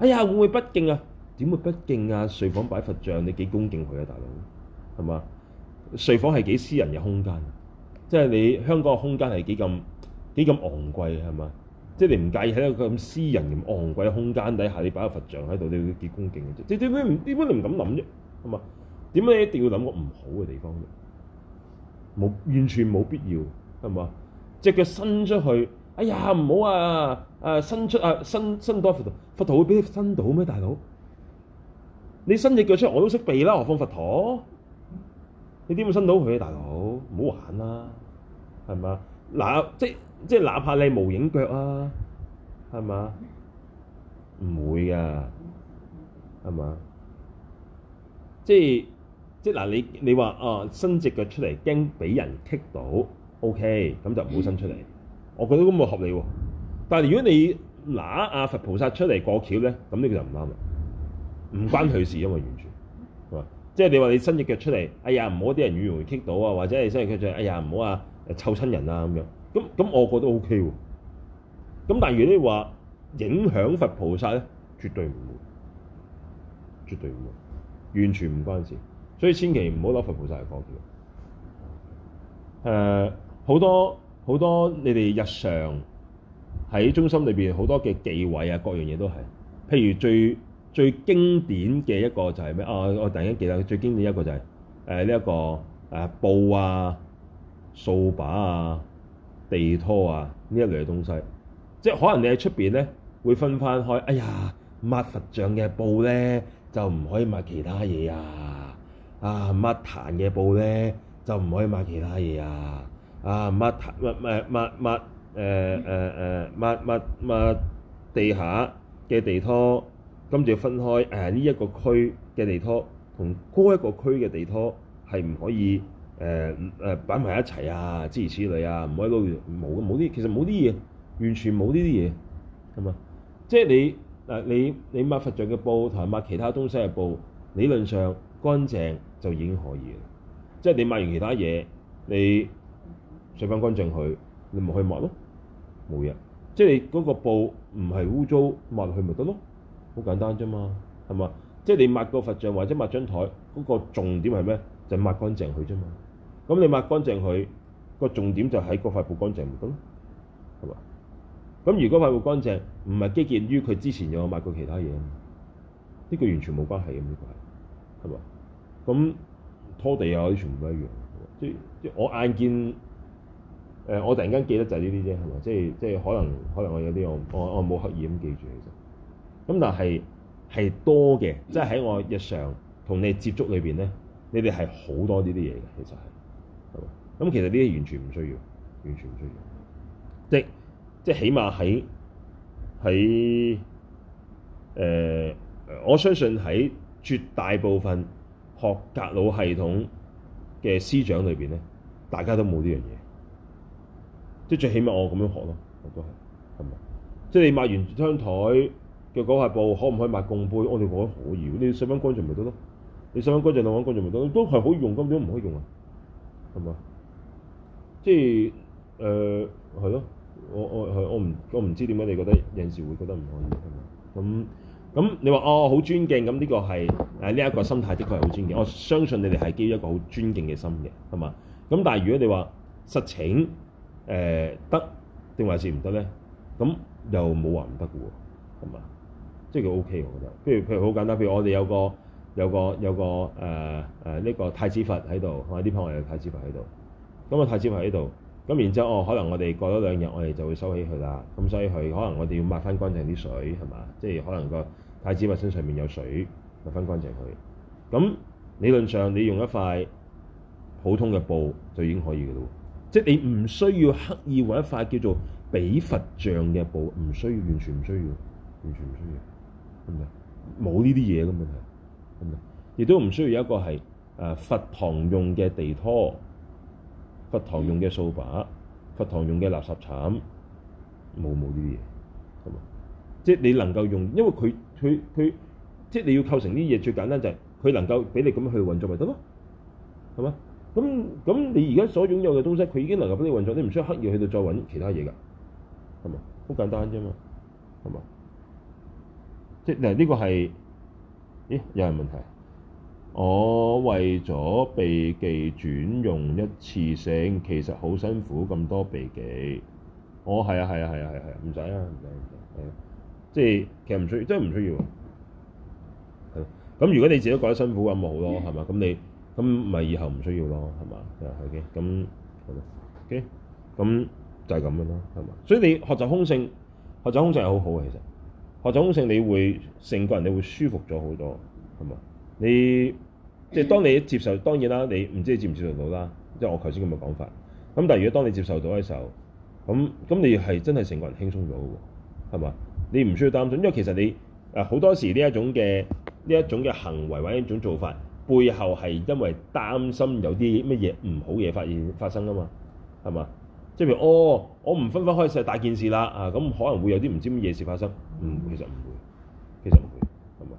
哎呀，會唔會不敬啊？點會不敬啊？睡房擺佛像，你幾恭敬佢啊，大佬？係嘛？睡房係幾私人嘅空間，即係你香港嘅空間係幾咁幾咁昂貴嘅，係嘛？即係你唔介意喺一個咁私人咁昂貴嘅空間底下，你擺個佛像喺度，你幾恭敬嘅啫？點點點唔點解你唔敢諗啫？係嘛？點解你一定要諗個唔好嘅地方啫？冇，完全冇必要，係嘛？隻腳伸出去，哎呀唔好啊！誒伸出誒、啊、伸伸多佛陀佛陀，會俾你伸到咩？大佬，你伸隻腳出嚟我都識避啦！何況佛陀，你點會伸到佢啊？大佬唔好玩啦，係嘛？嗱即即係哪怕你無影腳啊，係嘛？唔會噶，係嘛？即係即係嗱，你你話啊、哦，伸隻腳出嚟驚俾人棘到，OK，咁就唔好伸出嚟。 [laughs] 我覺得咁咪合理喎、啊。但係如果你攞阿佛菩薩出嚟過橋咧，咁呢個就唔啱啦。唔關佢事、啊，因 [laughs] 為完全係嘛？即係你話你伸隻腳出嚟，哎呀唔好啲人語言棘到啊，或者係伸隻腳哎呀唔好啊，湊親人啊咁樣。咁咁，我覺得 OK 喎。咁但係如果你話影響佛菩薩咧，絕對唔會，絕對唔會，完全唔關事。所以千祈唔好攞佛菩薩嚟講嘅。誒、呃，好多好多你哋日常喺中心裏邊好多嘅忌諱啊，各樣嘢都係。譬如最最經典嘅一個就係、是、咩啊？我突然間記得，最經典嘅一個就係誒呢一個誒、呃、布啊、掃把啊。地拖啊，呢一類嘅東西，即係可能你喺出邊咧會分翻開，哎呀，抹佛像嘅布咧就唔可以抹其他嘢啊，啊抹壇嘅布咧就唔可以抹其他嘢啊，啊抹抹誒抹抹誒誒誒抹、呃呃、抹抹，抹，抹地下嘅地拖，跟住分開誒呢、呃這個、一個區嘅地拖同嗰一個區嘅地拖係唔可以。誒、呃、誒，擺、呃、埋一齊啊，諸如此類啊，唔可以攞冇冇啲，其實冇啲嘢，完全冇呢啲嘢咁啊！即係你你你抹佛像嘅布同埋抹其他東西嘅布，理論上乾淨就已經可以啦。即係你抹完其他嘢，你上翻乾淨去，你咪去抹咯，冇嘢。即係嗰個布唔係污糟，抹落去咪得咯，好簡單啫嘛，係嘛？即係你抹個佛像或者抹張台，嗰、嗰個重點係咩？就是、抹乾淨佢啫嘛。咁你抹乾淨佢個重點就喺嗰塊布乾淨咪得咯，係嘛？咁如果塊布乾淨，唔係基建於佢之前有抹過其他嘢啊嘛？呢個完全冇關係嘅呢個係，係嘛？咁拖地啊嗰啲全部都一樣，即即我眼見誒，我突然間記得就係呢啲啫，係嘛？即即可能可能我有啲我我我冇刻意咁記住其實。咁但係係多嘅，即係喺我日常同你接觸裏邊咧，你哋係好多呢啲嘢嘅，其實係。咁其實呢啲完全唔需要，完全唔需要，即即起碼喺喺誒，我相信喺絕大部分學格魯系統嘅師長裏邊咧，大家都冇呢樣嘢，即最起碼我咁樣學咯，我都係係咪？即你抹完窗台嘅嗰塊布，可唔可以抹供杯？我哋講可以，你洗番乾淨咪得咯？你洗番乾淨，攞番乾淨咪得咯？都係可以用，咁點解唔可以用啊？係嘛？即係誒係咯，我我係我唔我唔知點解你覺得有陣時會覺得唔可以係嘛？咁咁你話哦好尊敬，咁、嗯、呢、這個係誒呢一個心態的確係好尊敬，我相信你哋係基於一個好尊敬嘅心嘅，係嘛？咁但係如果你話實情誒、呃、得定還是唔得咧？咁又冇話唔得嘅喎，係嘛？即係佢 OK，我覺得。譬如譬如好簡單，譬如我哋有個。有個有個誒誒呢個太子佛喺度，我啲鋪有太子佛喺度。咁、這、啊、個、太子佛喺度，咁然之後哦，可能我哋過咗兩日我哋就會收起佢啦。咁所以佢可能我哋要抹翻乾淨啲水係嘛？即係可能個太子佛身上面有水，抹翻乾淨佢。咁理論上你用一塊普通嘅布就已經可以嘅咯，即係你唔需要刻意揾一塊叫做比佛像嘅布，唔需要完全唔需要，完全唔需要，係咪？冇呢啲嘢嘅問題。咁亦都唔需要有一個係誒、啊、佛堂用嘅地拖、佛堂用嘅掃把、佛堂用嘅垃圾鏟，冇冇呢啲嘢，係嘛？即係你能夠用，因為佢佢佢，即係你要構成呢啲嘢，最簡單是它就係佢能夠俾你咁樣去運作咪得咯，係嘛？咁咁你而家所擁有嘅東西，佢已經能夠俾你運作，你唔需要刻意去到再搵其他嘢噶，係咪？好簡單啫嘛，係嘛？即係嗱，呢個係。咦，又係問題？我為咗避忌轉用一次性，其實好辛苦咁多避忌。哦，係啊，係啊，係啊，係啊，唔使啊，唔使、啊，唔使、啊啊，即係其實唔需，真係唔需要。係咯、啊，咁、啊、如果你自己覺得辛苦咁咪好咯，係嘛？咁你咁咪以後唔需要咯、啊，係嘛？係嘅、啊，咁好啦，OK，咁、OK，就係咁樣啦，係嘛？所以你學習空性，學習空性係好好、啊、嘅，其實。學掌控性，你會成個人你會舒服咗好多，係嘛？你即係當你接受，當然啦，你唔知你接唔接受到啦。即係我頭先咁嘅講法。咁但係如果當你接受到嘅時候，咁咁你係真係成個人輕鬆咗嘅喎，係嘛？你唔需要擔心，因為其實你啊，好多時呢一種嘅呢一種嘅行為或者一種做法，背後係因為擔心有啲乜嘢唔好嘢發現發生啊嘛，係嘛？即係譬如，哦，我唔分分開晒大件事啦，啊，咁可能會有啲唔知乜嘢事發生。嗯，其實唔會，其實唔會，係嘛？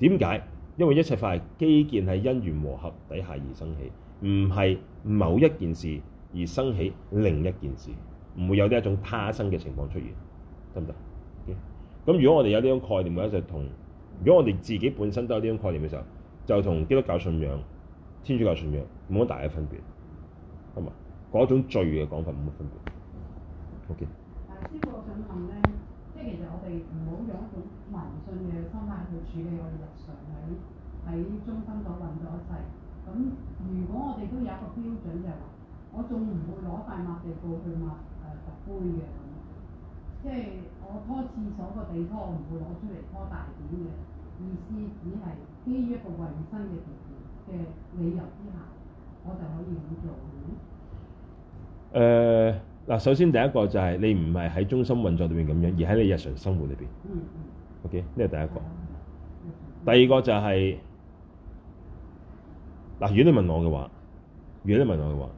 點解？因為一切法係基建喺因緣和合底下而生起，唔係某一件事而生起另一件事，唔會有呢一種他生嘅情況出現，得唔得？咁如果我哋有呢種概念嘅時候，就同如果我哋自己本身都有呢種概念嘅時候，就同基督教信仰、天主教信仰冇乜大嘅分別，係嘛？嗰種罪嘅講法冇乜分別。O.K. 但係師傅想問咧，即係其實我哋唔好用一種迷信嘅方法去處理我哋日常喺喺中心度揾到一啲。咁如果我哋都有一個標準，就係話，我仲唔會攞塊抹地布去抹誒揼灰嘅，即係我拖廁所個地拖，我唔會攞出嚟拖大點嘅。意思只係基於一個衞生嘅條件嘅理由之下，我就可以咁做。誒嗱，首先第一個就係你唔係喺中心運作裏邊咁樣，而喺你日常生活裏邊。O K，呢係第一個。第二個就係嗱，如果你問我嘅話，如果你問我嘅話，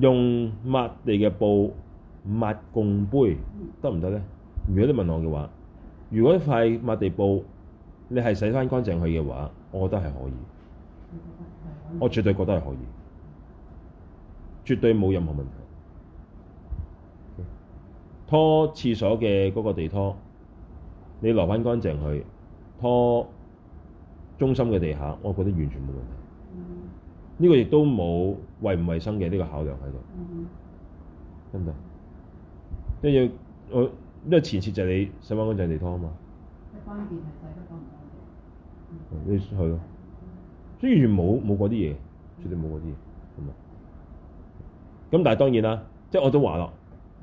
用抹地嘅布抹共杯得唔得咧？如果你問我嘅話，如果塊抹地布你係洗翻乾淨去嘅話，我覺得係可以。我絕對覺得係可以。絕對冇任何問題。拖廁所嘅嗰個地拖，你攞翻乾淨去拖中心嘅地下，我覺得完全冇問題。呢、嗯、個亦都冇衛唔衛生嘅呢個考量喺度，得唔得？即係要我，因為前設就係你洗翻乾淨地拖啊嘛。關鍵係洗得乾唔乾淨。你去咯，所以完然全冇冇嗰啲嘢，絕對冇嗰啲嘢，係咪？咁但係當然啦，即係我都話啦，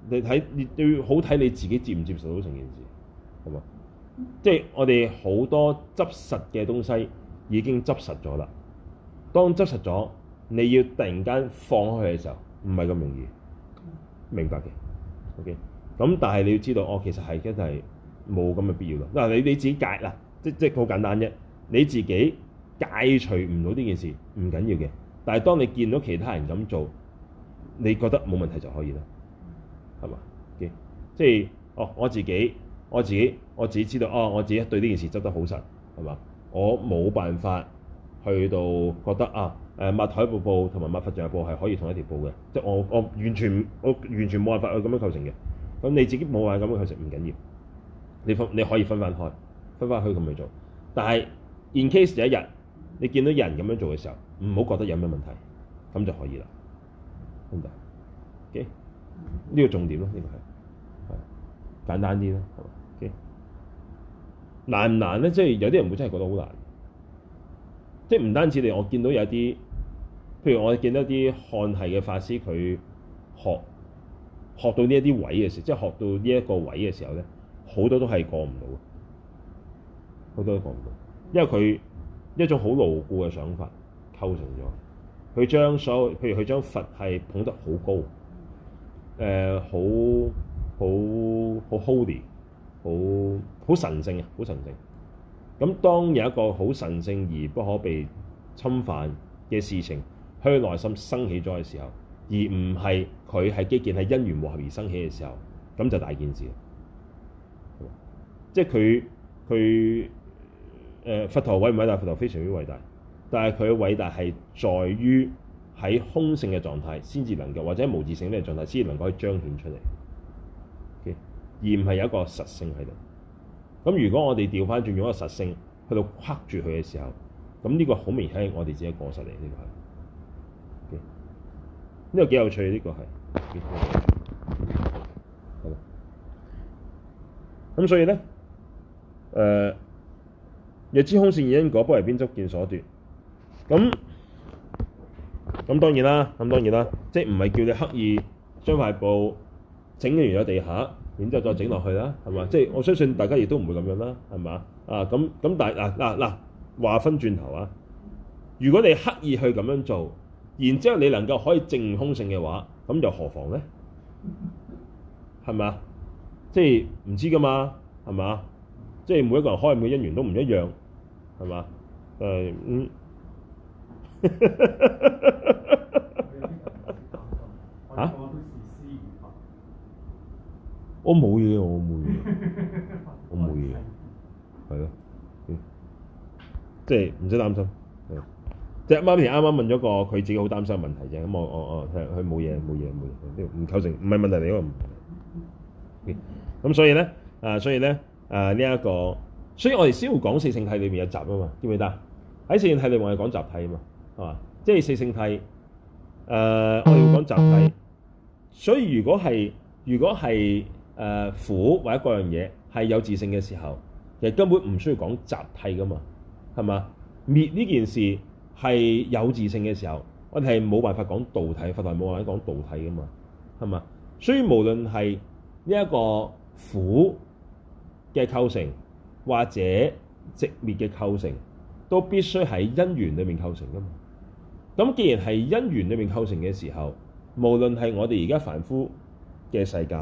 你睇你都要好睇你自己接唔接受到成件事，好嘛？嗯、即係我哋好多執實嘅東西已經執實咗啦。當執實咗，你要突然間放開嘅時候，唔係咁容易，明白嘅？OK。咁但係你要知道，哦，其實係一係冇咁嘅必要咯。嗱，你你自己戒啦，即即係好簡單啫。你自己解除唔到呢件事唔緊要嘅，但係當你見到其他人咁做。你覺得冇問題就可以啦，係嘛？Okay. 即係哦，我自己我自己我自己知道哦，我自己對呢件事執得好實，係嘛？我冇辦法去到覺得啊誒，抹台布布同埋抹佛像布係可以同一條布嘅，即係我我完全我完全冇辦法去咁樣構成嘅。咁你自己冇話咁樣構成唔緊要，你分你可以分翻開，分翻開咁去做。但係 in case 有一日你見到有人咁樣做嘅時候，唔好覺得有咩問題，咁就可以啦。唔得，呢個重點咯，呢個係係簡單啲咯，係、okay, 嘛？難唔難咧？即係有啲人會真係覺得好難，即係唔單止你，我見到有啲，譬如我見到啲漢系嘅法師，佢學學到呢一啲位嘅時候，即係學到呢一個位嘅時候咧，好多都係過唔到，好多都過唔到，因為佢一種好牢固嘅想法構成咗。佢將所有，譬如佢將佛係捧得好高，誒，好好好 holy，好好神聖啊，好神聖。咁當有一個好神聖而不可被侵犯嘅事情喺佢內心生起咗嘅時候，而唔係佢係基建係因緣和合而生起嘅時候，咁就大件事。即係佢佢誒佛陀偉唔偉大？佛陀非常之偉大。但係佢嘅偉大係在於喺空性嘅狀態先至能夠，或者無自性呢個狀態先至能夠可以彰顯出嚟，okay? 而唔係有一個實性喺度。咁如果我哋調翻轉用一個實性去到框住佢嘅時候，咁呢個好明顯係我哋自己過失嚟，呢、呢個係。呢、okay? 個幾有趣，呢、呢個係。好。咁所以咧，誒、呃，若知空性現因果，不為邊執見所奪。咁、嗯、咁、嗯嗯、當然啦，咁、嗯、當然啦，即係唔係叫你刻意將塊布整完咗地下，然之後再整落去啦，係嘛？即係我相信大家亦都唔會咁樣啦，係嘛？啊，咁、嗯、咁、嗯、但係嗱嗱嗱話分轉頭啊，如果你刻意去咁樣做，然之後你能夠可以證空性嘅話，咁又何妨咧？係咪啊？即係唔知㗎嘛，係嘛？即係每一個人開悟嘅因緣都唔一樣，係嘛、呃？嗯。吓、 [laughs] 啊哦 [laughs] 事 [laughs] 嗯！我冇嘢，我冇嘢，我冇嘢，係咯，即係唔使擔心。即係媽咪啱啱問咗個佢自己好擔心嘅問題啫。咁我我我佢冇嘢冇嘢冇嘢，唔構成唔係問題嚟嘅。咁、嗯嗯、所以咧啊，所以咧啊呢一,一個，所以我哋先會講四性體裏面有集啊嘛，記唔記得？喺四性體裏邊係講集體啊嘛。係、啊、嘛，即係四聖諦，誒、呃，我要講集諦。所以如果係，如果係，誒、呃，苦或者各樣嘢係有自性嘅時候，其實根本唔需要講集諦噶嘛，係嘛？滅呢件事係有自性嘅時候，我哋係冇辦法講道諦，佛就冇辦法講道諦噶嘛，係嘛？所以無論係呢一個苦嘅構成或者直滅嘅構成，都必須喺因緣裏面構成噶嘛。咁既然係因緣裏面構成嘅時候，無論係我哋而家凡夫嘅世界，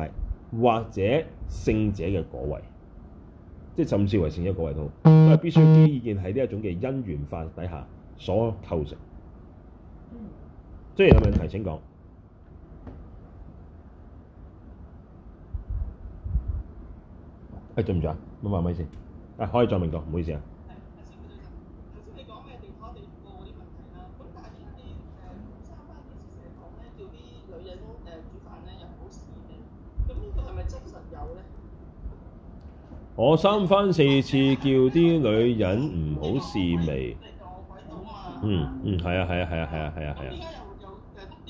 或者聖者嘅果位，即甚至為聖者果位都，都必須啲意見係呢一種嘅因緣法底下所構成。嗯。即係有問題，請講。誒、哎，對唔對啊？我話唔好意思。誒，可以再明講，唔好意思啊。我三番四次叫啲女人唔好試味。嗯嗯，係啊係啊係啊係啊係啊係啊。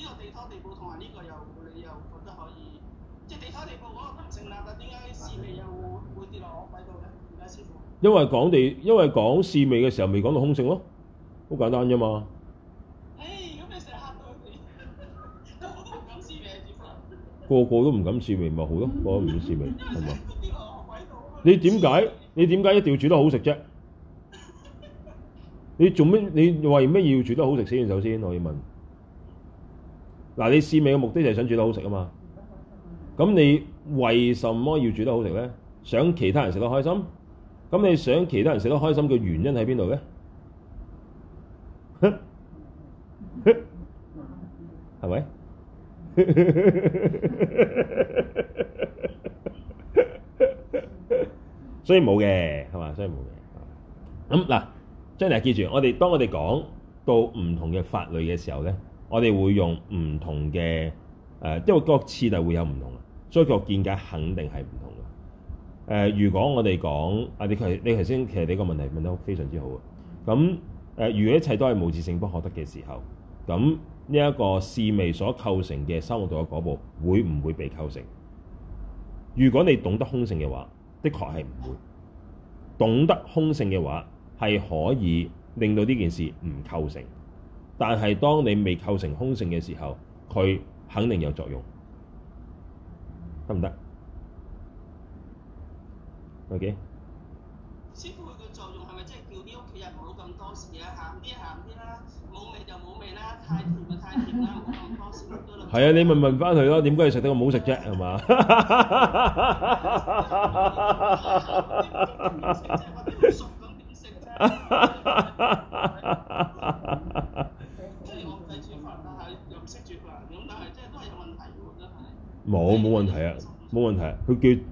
而家又有呢個地拖地布，同埋呢個又你又覺得可以？即係地拖地布嗰個成立啊？點解試味又會跌落我鬼度咧？而家師傅。因為講地，因為講試味嘅時候未講到空性咯，好簡單啫嘛。誒、哎！咁你成日嚇到我哋，講試味啊，師傅。個個都唔敢試味咪好咯，我唔敢試味，係嘛？ [laughs] 你點解？你點解一定要煮得好食啫？你做咩？你為咩要煮得好食先？首先，我要問。嗱，你試味嘅目的就係想煮得好食啊嘛。咁你為什麼要煮得好食咧？想其他人食得開心。咁你想其他人食得開心嘅原因喺邊度咧？係 [laughs] 咪不是？ [laughs] [laughs] 所以冇嘅，係嘛？所以冇嘅。咁、嗯、嗱，將嚟記住。我哋當我哋講到唔同嘅法類嘅時候咧，我哋會用唔同嘅誒、呃，因為各個次第會有唔同，所以個見解肯定係唔同嘅。誒、呃，如果我哋講，啊你佢你頭先其實你個問題問得非常之好嘅。咁誒、呃，如果一切都係無自性不可得嘅時候，咁呢一個試微所構成嘅生活道嘅果報，會唔會被構成？如果你懂得空性嘅話。的確係，唔會。懂得空性嘅話，係可以令到呢件事唔構成。但係當你未構成空性嘅時候，佢肯定有作用，得唔得？OK？師傅佢嘅作用係咪即係叫啲屋企人冇咁多事啊？鹹啲鹹啲啦，冇味就冇味啦，太甜。係 [laughs] 啊，你問問翻佢咯，點解你食得咁唔好食啫？係 [laughs] 嘛？我唔識煮飯，係又唔識煮飯咁，但係即係都係有問題，冇冇 [laughs] 問題啊，冇問題啊，佢叫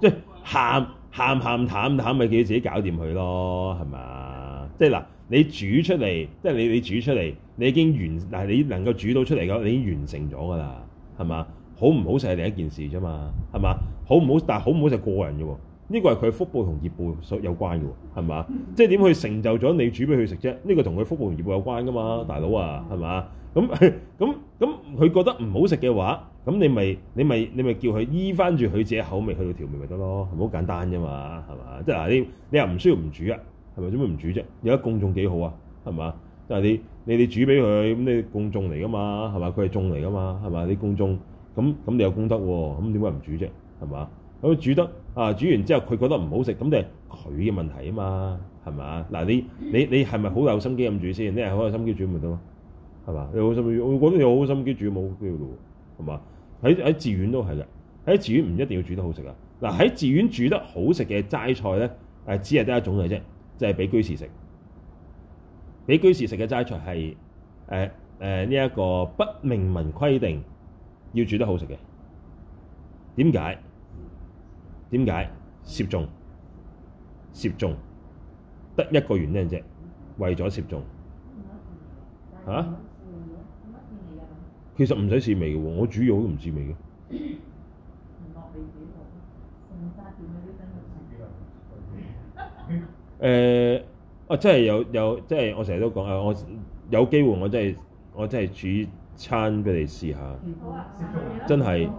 [laughs] 即係鹹鹹鹹淡淡淡，咪叫自己搞掂佢咯，係嘛？ [laughs] 即係嗱。 [laughs] 你煮出嚟，即係你你煮出嚟，你已經完，但係你能夠煮到出嚟嘅，你已經完成咗㗎啦，係嘛？好唔好食係另一件事啫嘛，係嘛？好唔好，但係好唔好就個人嘅喎，呢個係佢福報同業報所有關嘅喎，係嘛？ [noise] 即係點去成就咗你煮俾佢食啫？呢個同佢福報同業報有關㗎嘛，大佬啊，係嘛？咁咁咁，佢 [laughs] 覺得唔好食嘅話，咁你咪你咪你咪叫佢依翻住佢自己的口味去調味咪得咯，好簡單㗎嘛，係嘛？即係嗱，你你又唔需要唔煮啊？係咪？做咩唔煮啫？有得供眾幾好啊？係嘛？即係你你你煮俾佢，咁你供眾嚟噶嘛？係嘛？佢係眾嚟噶嘛？係嘛？你供眾，咁咁你有功德喎、啊？咁點解唔煮啫？係嘛？咁煮得啊！煮完之後佢覺得唔好食，咁就係佢嘅問題啊嘛？係嘛？嗱、啊，你你你係咪好有心機咁煮先？你係好有心機煮咪得咯？係嘛？你好心機，我覺得你好心機煮冇必要噶喎，係嘛？喺喺寺院都係嘅，喺寺院唔一定要煮得好食啊！嗱，喺寺院煮得好食嘅齋菜咧，係、啊、只係得一種嘅啫。即係畀居士食，畀居士食嘅齋菜係誒誒呢一個不明文規定要煮得好食嘅。點解？點解攝眾？攝眾得一個原因啫，為咗攝眾嚇。其實唔使試味嘅喎，我煮嘢我都唔試味嘅。誒、uh，我真係有有，即係我成日都講誒，我有機會我真係我真係煮餐俾你試下。好啦，真係，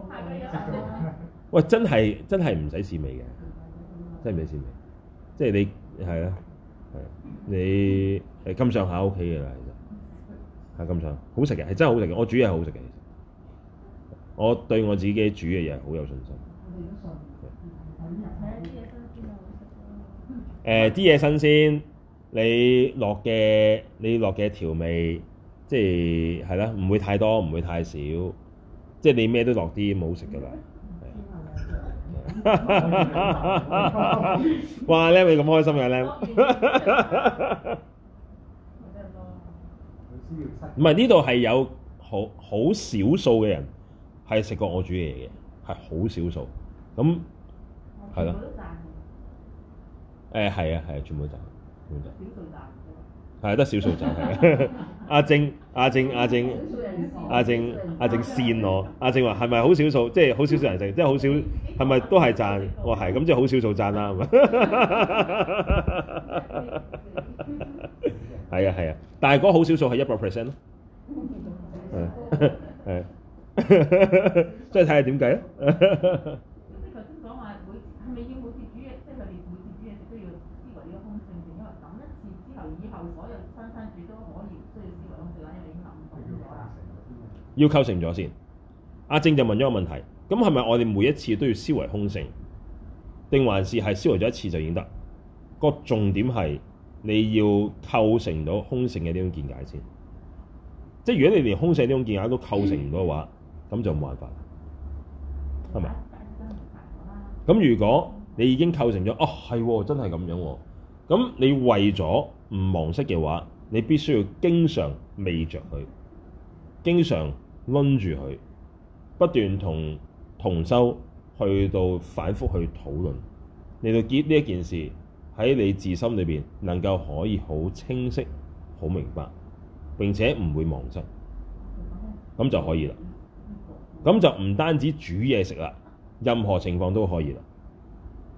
喂、嗯，真係真係唔使試味嘅，真唔使試味，試味，即係你係啦，係你咁上下屋企嘅啦，其實係咁上好食嘅，係真係好食嘅，我煮嘢係好食嘅，我對我自己煮嘅嘢好有信心。誒啲嘢新鮮，你落嘅你落嘅調味，即係係啦，唔會太多，唔會太少，即係你咩都落啲，冇好食噶啦。嗯嗯嗯嗯嗯嗯、 [laughs] 哇 l 你咁開心嘅 l 唔係呢度係、 [laughs] 嗯、有好好少數嘅人係食過我煮嘅嘢嘅，係好少數，咁係啦。誒、嗯、係啊係啊，全部賺，全部賺，係得少數賺係 [laughs] 啊。阿正阿正阿正阿正阿正跣我，阿正話係咪好少數？即係好少少人賺，即係好少係咪都係賺？我係咁即係好少數賺啦。係啊係啊，但係嗰好少數係一百 percent 咯。係啊，即係睇下點計咯。即係頭先講話每係咪要所有主都可以，要構成咗先，阿、啊、正就問咗個問題，咁係咪我哋每一次都要思維空性，定還是係思維咗一次就已經得？個重點係你要構成到空性嘅呢種見解先。即係如果你連空性呢種見解都構成唔到嘅話，咁就冇辦法，係咪？咁如果你已經構成咗，哦係真係咁樣，咁你為咗唔忘失嘅話，你必須要經常味着佢，經常溫住佢，不斷同同修去到反復去討論，嚟到結呢一件事喺你自心裏邊能夠可以好清晰、好明白，並且唔會忘失，咁就可以啦。咁就唔單止煮嘢食啦，任何情況都可以啦，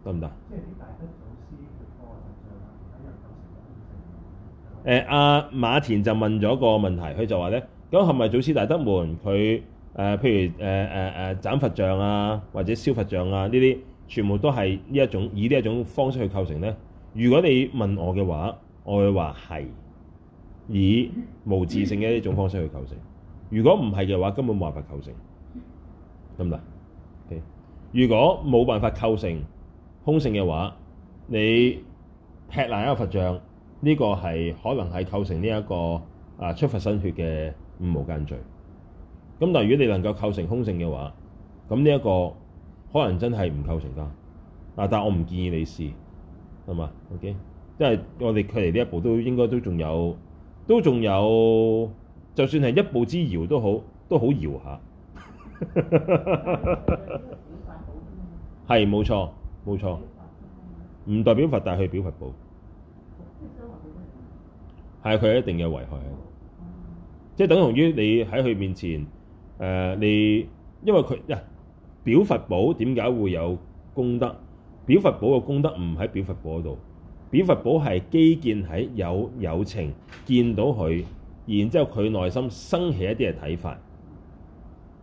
得唔得？誒、啊、阿馬田就問咗個問題，佢就話咧，咁係咪祖師大德們佢誒譬如誒誒誒斬佛像啊，或者燒佛像啊呢啲，全部都係呢一種以呢一種方式去構成咧？如果你問我嘅話，我會話係以無自性嘅呢種方式去構成。如果唔係嘅話，根本冇辦法構成。咁嗱，okay. 如果冇辦法構成空性嘅話，你劈爛一個佛像。呢、這個係可能係構成呢、這、一個啊出佛身血嘅五無間罪。咁但係如果你能夠構成空性嘅話，咁呢一個可能真係唔構成㗎、啊。但係我唔建議你試，係嘛？OK，因為我哋距離呢一步都應該都仲有，都仲有，就算係一步之遙都好，都好遙下。係冇錯，冇錯，唔代表佛大去表佛寶。係佢一定嘅危害，即係等同於你喺佢面前，誒、呃，你因為佢、啊、表佛寶點解會有功德？表佛寶嘅功德唔喺表佛寶嗰度，表佛寶係基建喺有友情見到佢，然之後佢內心生起一啲嘅睇法，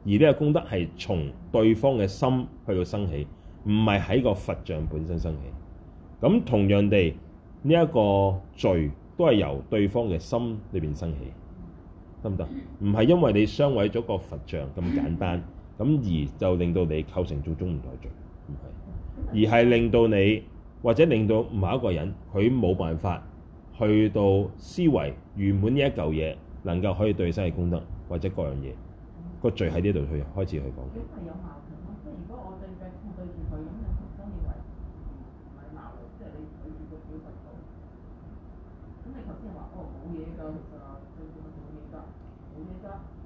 而呢個功德係從對方嘅心去到生起，唔係喺個佛像本身生起。咁同樣地。呢一個罪都係由對方嘅心裏邊生起，得唔得？唔係因為你傷毀咗個佛像咁簡單，咁而就令到你構成做中唔代罪，唔係，而係令到你或者令到某一個人佢冇辦法去到思維圓滿呢一嚿嘢，能夠可以對身嘅功德或者各樣嘢。呢個罪喺呢度去開始去講。.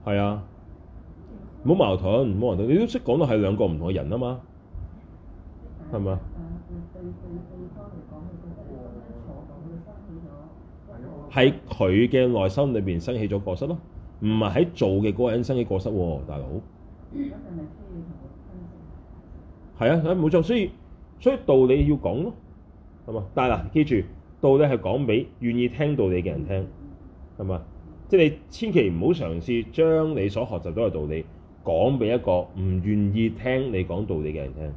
係啊，冇矛盾，冇矛盾，你都識講到係兩個唔同嘅人啊嘛，係咪啊？喺佢嘅內心裏邊生起咗過失咯，唔係喺做嘅嗰個人生起過失喎，大佬。係啊，係冇錯，所以所以道理要講咯，係嘛？但係嗱，記住，道理係講俾願意聽道理嘅人聽，係咪？即係你千祈唔好嘗試將你所學習到嘅道理講俾一個唔願意聽你講道理嘅人聽，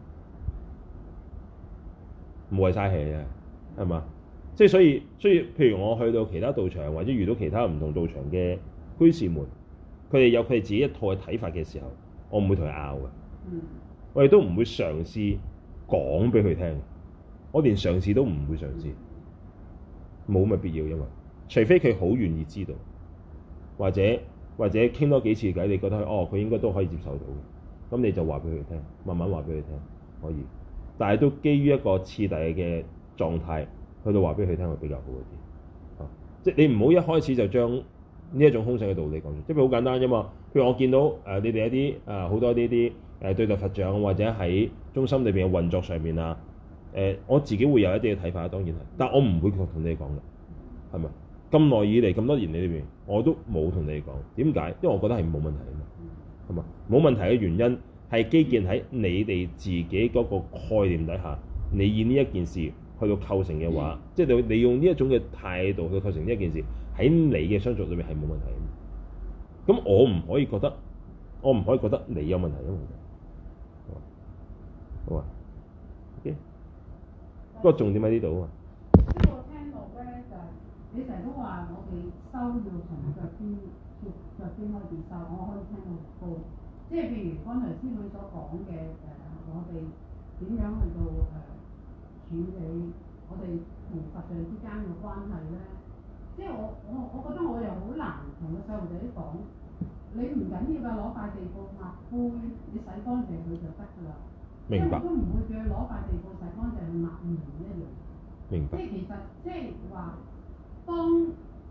無謂嘥氣嘅，係嘛？即係所以，所以，譬如我去到其他道場，或者遇到其他唔同道場嘅居士們，佢哋有佢哋自己一套嘅睇法嘅時候，我唔會同佢拗嘅，我哋都唔會嘗試講俾佢聽，我連嘗試都唔會嘗試，冇乜必要，因為除非佢好願意知道。或者或者傾多幾次偈，你覺得哦，佢應該都可以接受到嘅，咁你就話俾佢聽，慢慢話俾佢聽，可以。但係都基於一個次第嘅狀態去到話俾佢聽，會比較好一啲，啊。即係你唔好一開始就將呢一種空性嘅道理講。即係好簡單啫嘛。譬如我見到誒、呃、你哋一啲誒好多呢啲誒對待佛像或者喺中心裏邊嘅運作上面啊，誒、呃、我自己會有一啲嘅睇法，當然係，但我唔會同同你講㗎，係咪？咁耐以嚟咁多年，你呢邊我都冇同你講，點解？因為我覺得係冇問題啊嘛，係嘛？冇問題嘅原因係基建喺你哋自己嗰個概念底下，你以呢一件事去到構成嘅話，即、嗯、係、就是、你用呢一種嘅態度去構成呢一件事，喺你嘅相續裏面係冇問題。咁我唔可以覺得，我唔可以覺得你有問題啊嘛。好啊。不過重點喺呢度啊嘛。你成日都話我哋收要從腳邊、腳邊開始收，我可以聽到好高。即係譬如剛才師妹所講嘅誒，我哋點樣去到誒、啊、處理我哋同佛像之間嘅關係咧？即係我我我覺得我又好難同個細路仔講，你唔緊要㗎，攞塊地布抹杯，你洗乾淨佢就得㗎啦。明白。因為都唔會俾佢攞塊地布洗乾淨去抹，唔一樣。即係其實即係話。當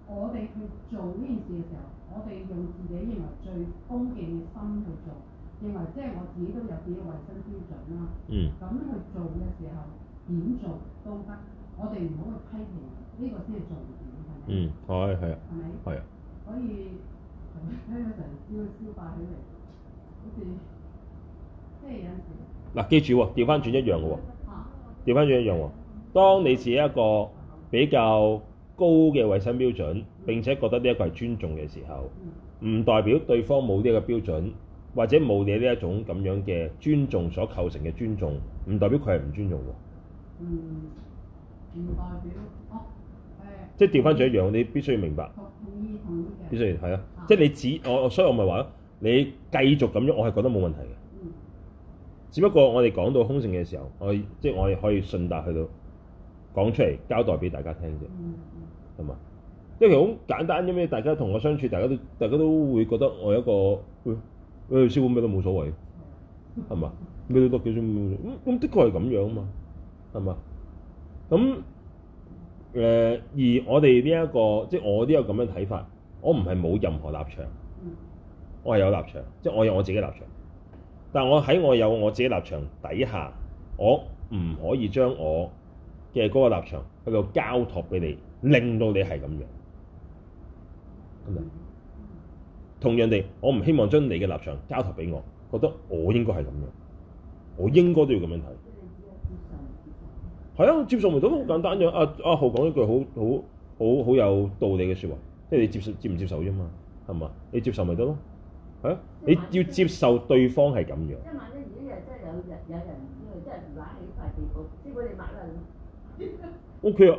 我哋去做呢件事嘅時候，我哋用自己認為最封建嘅心去做，認為即係我自己都有自己嘅衞生標準啦、嗯嗯這個。嗯。咁去做嘅時候，點做都得。我哋唔好去批評，呢個先係重點，係咪？嗯，係啊，係啊。係咪？係 [laughs] [laughs] [laughs] 啊。可以去喺嗰陣消化佢哋，好似即係有陣時嗱，記住喎，調翻轉一樣嘅喎，調翻轉一樣喎。當你自己一個比較高嘅衛生標準，並且覺得呢一個係尊重嘅時候，唔代表對方冇呢個標準，或者冇你呢一種咁樣嘅尊重所構成嘅尊重，唔代表佢係唔尊重的，嗯，唔代表嚇、哦呃、即係調翻轉一樣，你必須要明白。嗯、必須係啊，啊，即係你只我，所以我咪話你繼續咁樣，我係覺得冇問題嘅、嗯。只不過我哋講到空性嘅時候，我即係我哋可以順帶去到講出嚟，交代俾大家聽啫。嗯。係嘛，即係好簡單咁樣，大家同我相處，大家都大家都會覺得我有一個誒燒碗咩都冇所謂，係嘛咩都得幾咁，的確係咁樣啊嘛，係嘛咁誒？而我哋呢一個即係、就是、我都有咁樣睇法，我唔係冇任何立場，我係有立場，即、就、係、是、我有我自己立場。但係我喺我有我自己立場底下，我唔可以將我嘅嗰個立場去到交託俾你。令到你係咁樣，咁、嗯嗯、同樣地，我唔希望將你嘅立場交投俾我，覺得我應該係咁樣，我應該都要咁樣睇，係、嗯、啊，接受咪到，好簡單啫。阿、啊、阿、啊、浩講一句好好好好有道理嘅說話，即係你接受接唔接受啫嘛，係嘛，你接受咪得咯，啊，你要接受對方係咁樣的。一、就是、萬一有一日即係有日有人因為即係唔擺起呢塊地即係我哋買啦。 [laughs] o、okay、K 啊。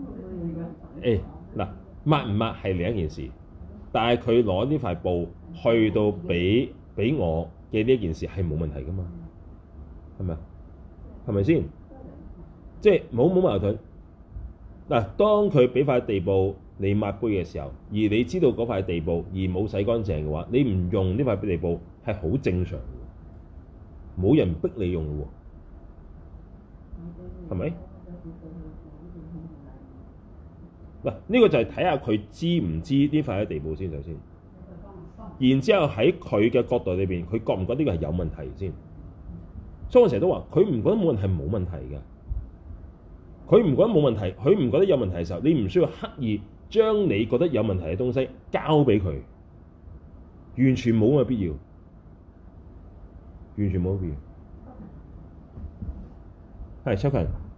誒、哎，嗱抹唔抹係另一件事，但係佢攞呢塊布去到俾俾我嘅呢一件事係冇問題噶嘛？係咪啊？係咪先？即係冇冇矛盾嗱？當佢俾塊地布你抹杯嘅時候，而你知道嗰塊地布而冇洗乾淨嘅話，你唔用呢塊地布係好正常嘅，冇人逼你用喎，係咪？喂，呢個就係睇下佢知唔知呢塊嘅地步先，首先。然之後喺佢嘅角度裏邊，佢覺唔覺得呢個係有問題先？所以我成日都話，佢唔覺得冇問題係冇問題嘅。佢唔覺得冇問題，佢唔覺得有問題嘅時候，你唔需要刻意將你覺得有問題嘅東西交俾佢，完全冇乜必要，完全冇必要。係，休息陣。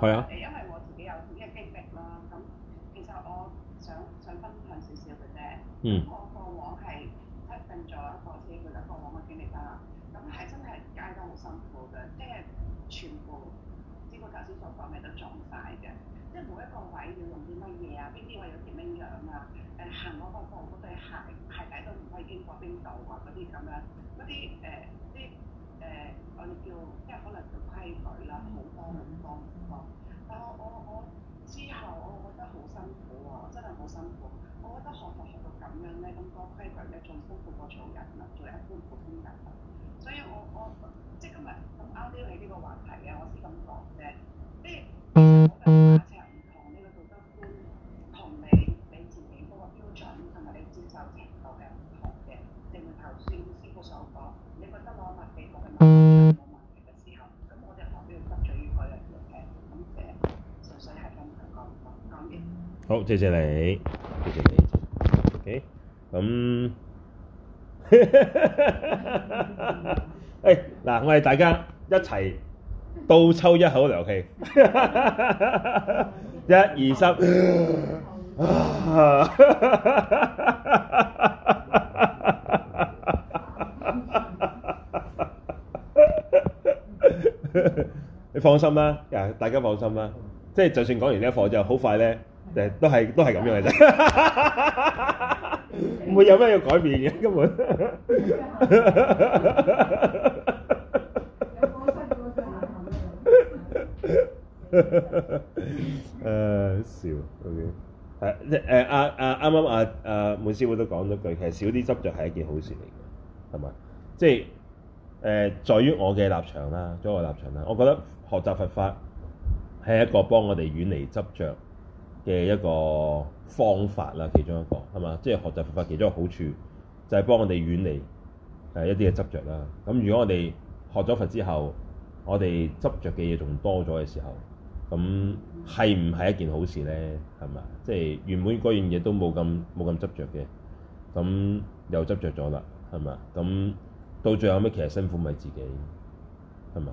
係啊，誒，因為我自己有啲經歷啦，咁其實我想想分享少少嘅啫，我過往係出訓咗一個車嘅一個往嘅經歷啦，咁係真係街得好辛苦嘅，即係全部知道頭先所講嘅都撞晒嘅，即係每一個位要用啲乜嘢啊，邊啲位要點樣樣啊，誒行嗰個過嗰對鞋鞋底都唔可以經過邊度啊，嗰啲咁樣，啲誒，嗰啲。呃誒、呃，我哋叫，即係可能叫規矩啦，好、mm -hmm. 多好多好多。但我我我之後，我覺得好辛苦喎，我真係好辛苦。我覺得學學學到咁樣咧，咁、那、多、個、規矩咧，仲辛苦過做人啊，做一般普通人。所以我我即係今日啱啲起呢個話題啊，我先咁講啫，即、欸、係我嘅。好，謝謝你，謝謝你，OK。咁，哎，嗱，我哋大家一齊倒抽一口涼氣，一二三。放心啦，啊大家放心啦，即係就算講完這一課呢一課，就好快咧，誒，都係都係咁樣嘅啫，唔 [laughs] 會有咩要改變嘅根本、嗯。誒、嗯、笑、嗯、笑，OK，係誒阿阿啱啱阿阿滿師傅都講咗句，其實少啲執着係一件好事嚟嘅，係嘛？即係誒，在於我嘅立場啦，咗我立場啦，我覺得。學習佛法係一個幫我哋遠離執着嘅一個方法啦，其中一個係嘛，即係、就是、學習佛法其中一個好處就係幫我哋遠離誒一啲嘅執着啦。咁如果我哋學咗佛之後，我哋執着嘅嘢仲多咗嘅時候，咁係唔係一件好事咧？係嘛，即、就、係、是、原本嗰樣嘢都冇咁冇咁執着嘅，咁又執着咗啦，係嘛？咁到最後尾其實辛苦咪自己係嘛？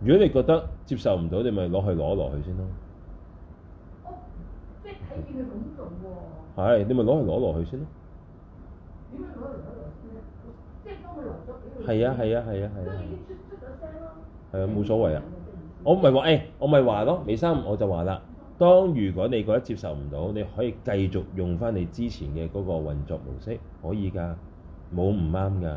如果你覺得接受唔到，你咪攞去攞落去先咯、哦。即係睇見佢咁做喎。係，你咪攞去攞落去先咯。點樣攞落攞落先即係幫佢留咗俾佢。係啊係啊係啊係啊。即、啊啊啊啊、已經出咗聲咯。係啊，冇所謂係啊。謂我咪係話我咪話咯，美生我就話啦，當如果你覺得接受唔到，你可以繼續用翻你之前嘅嗰個運作模式，可以㗎，冇唔啱㗎。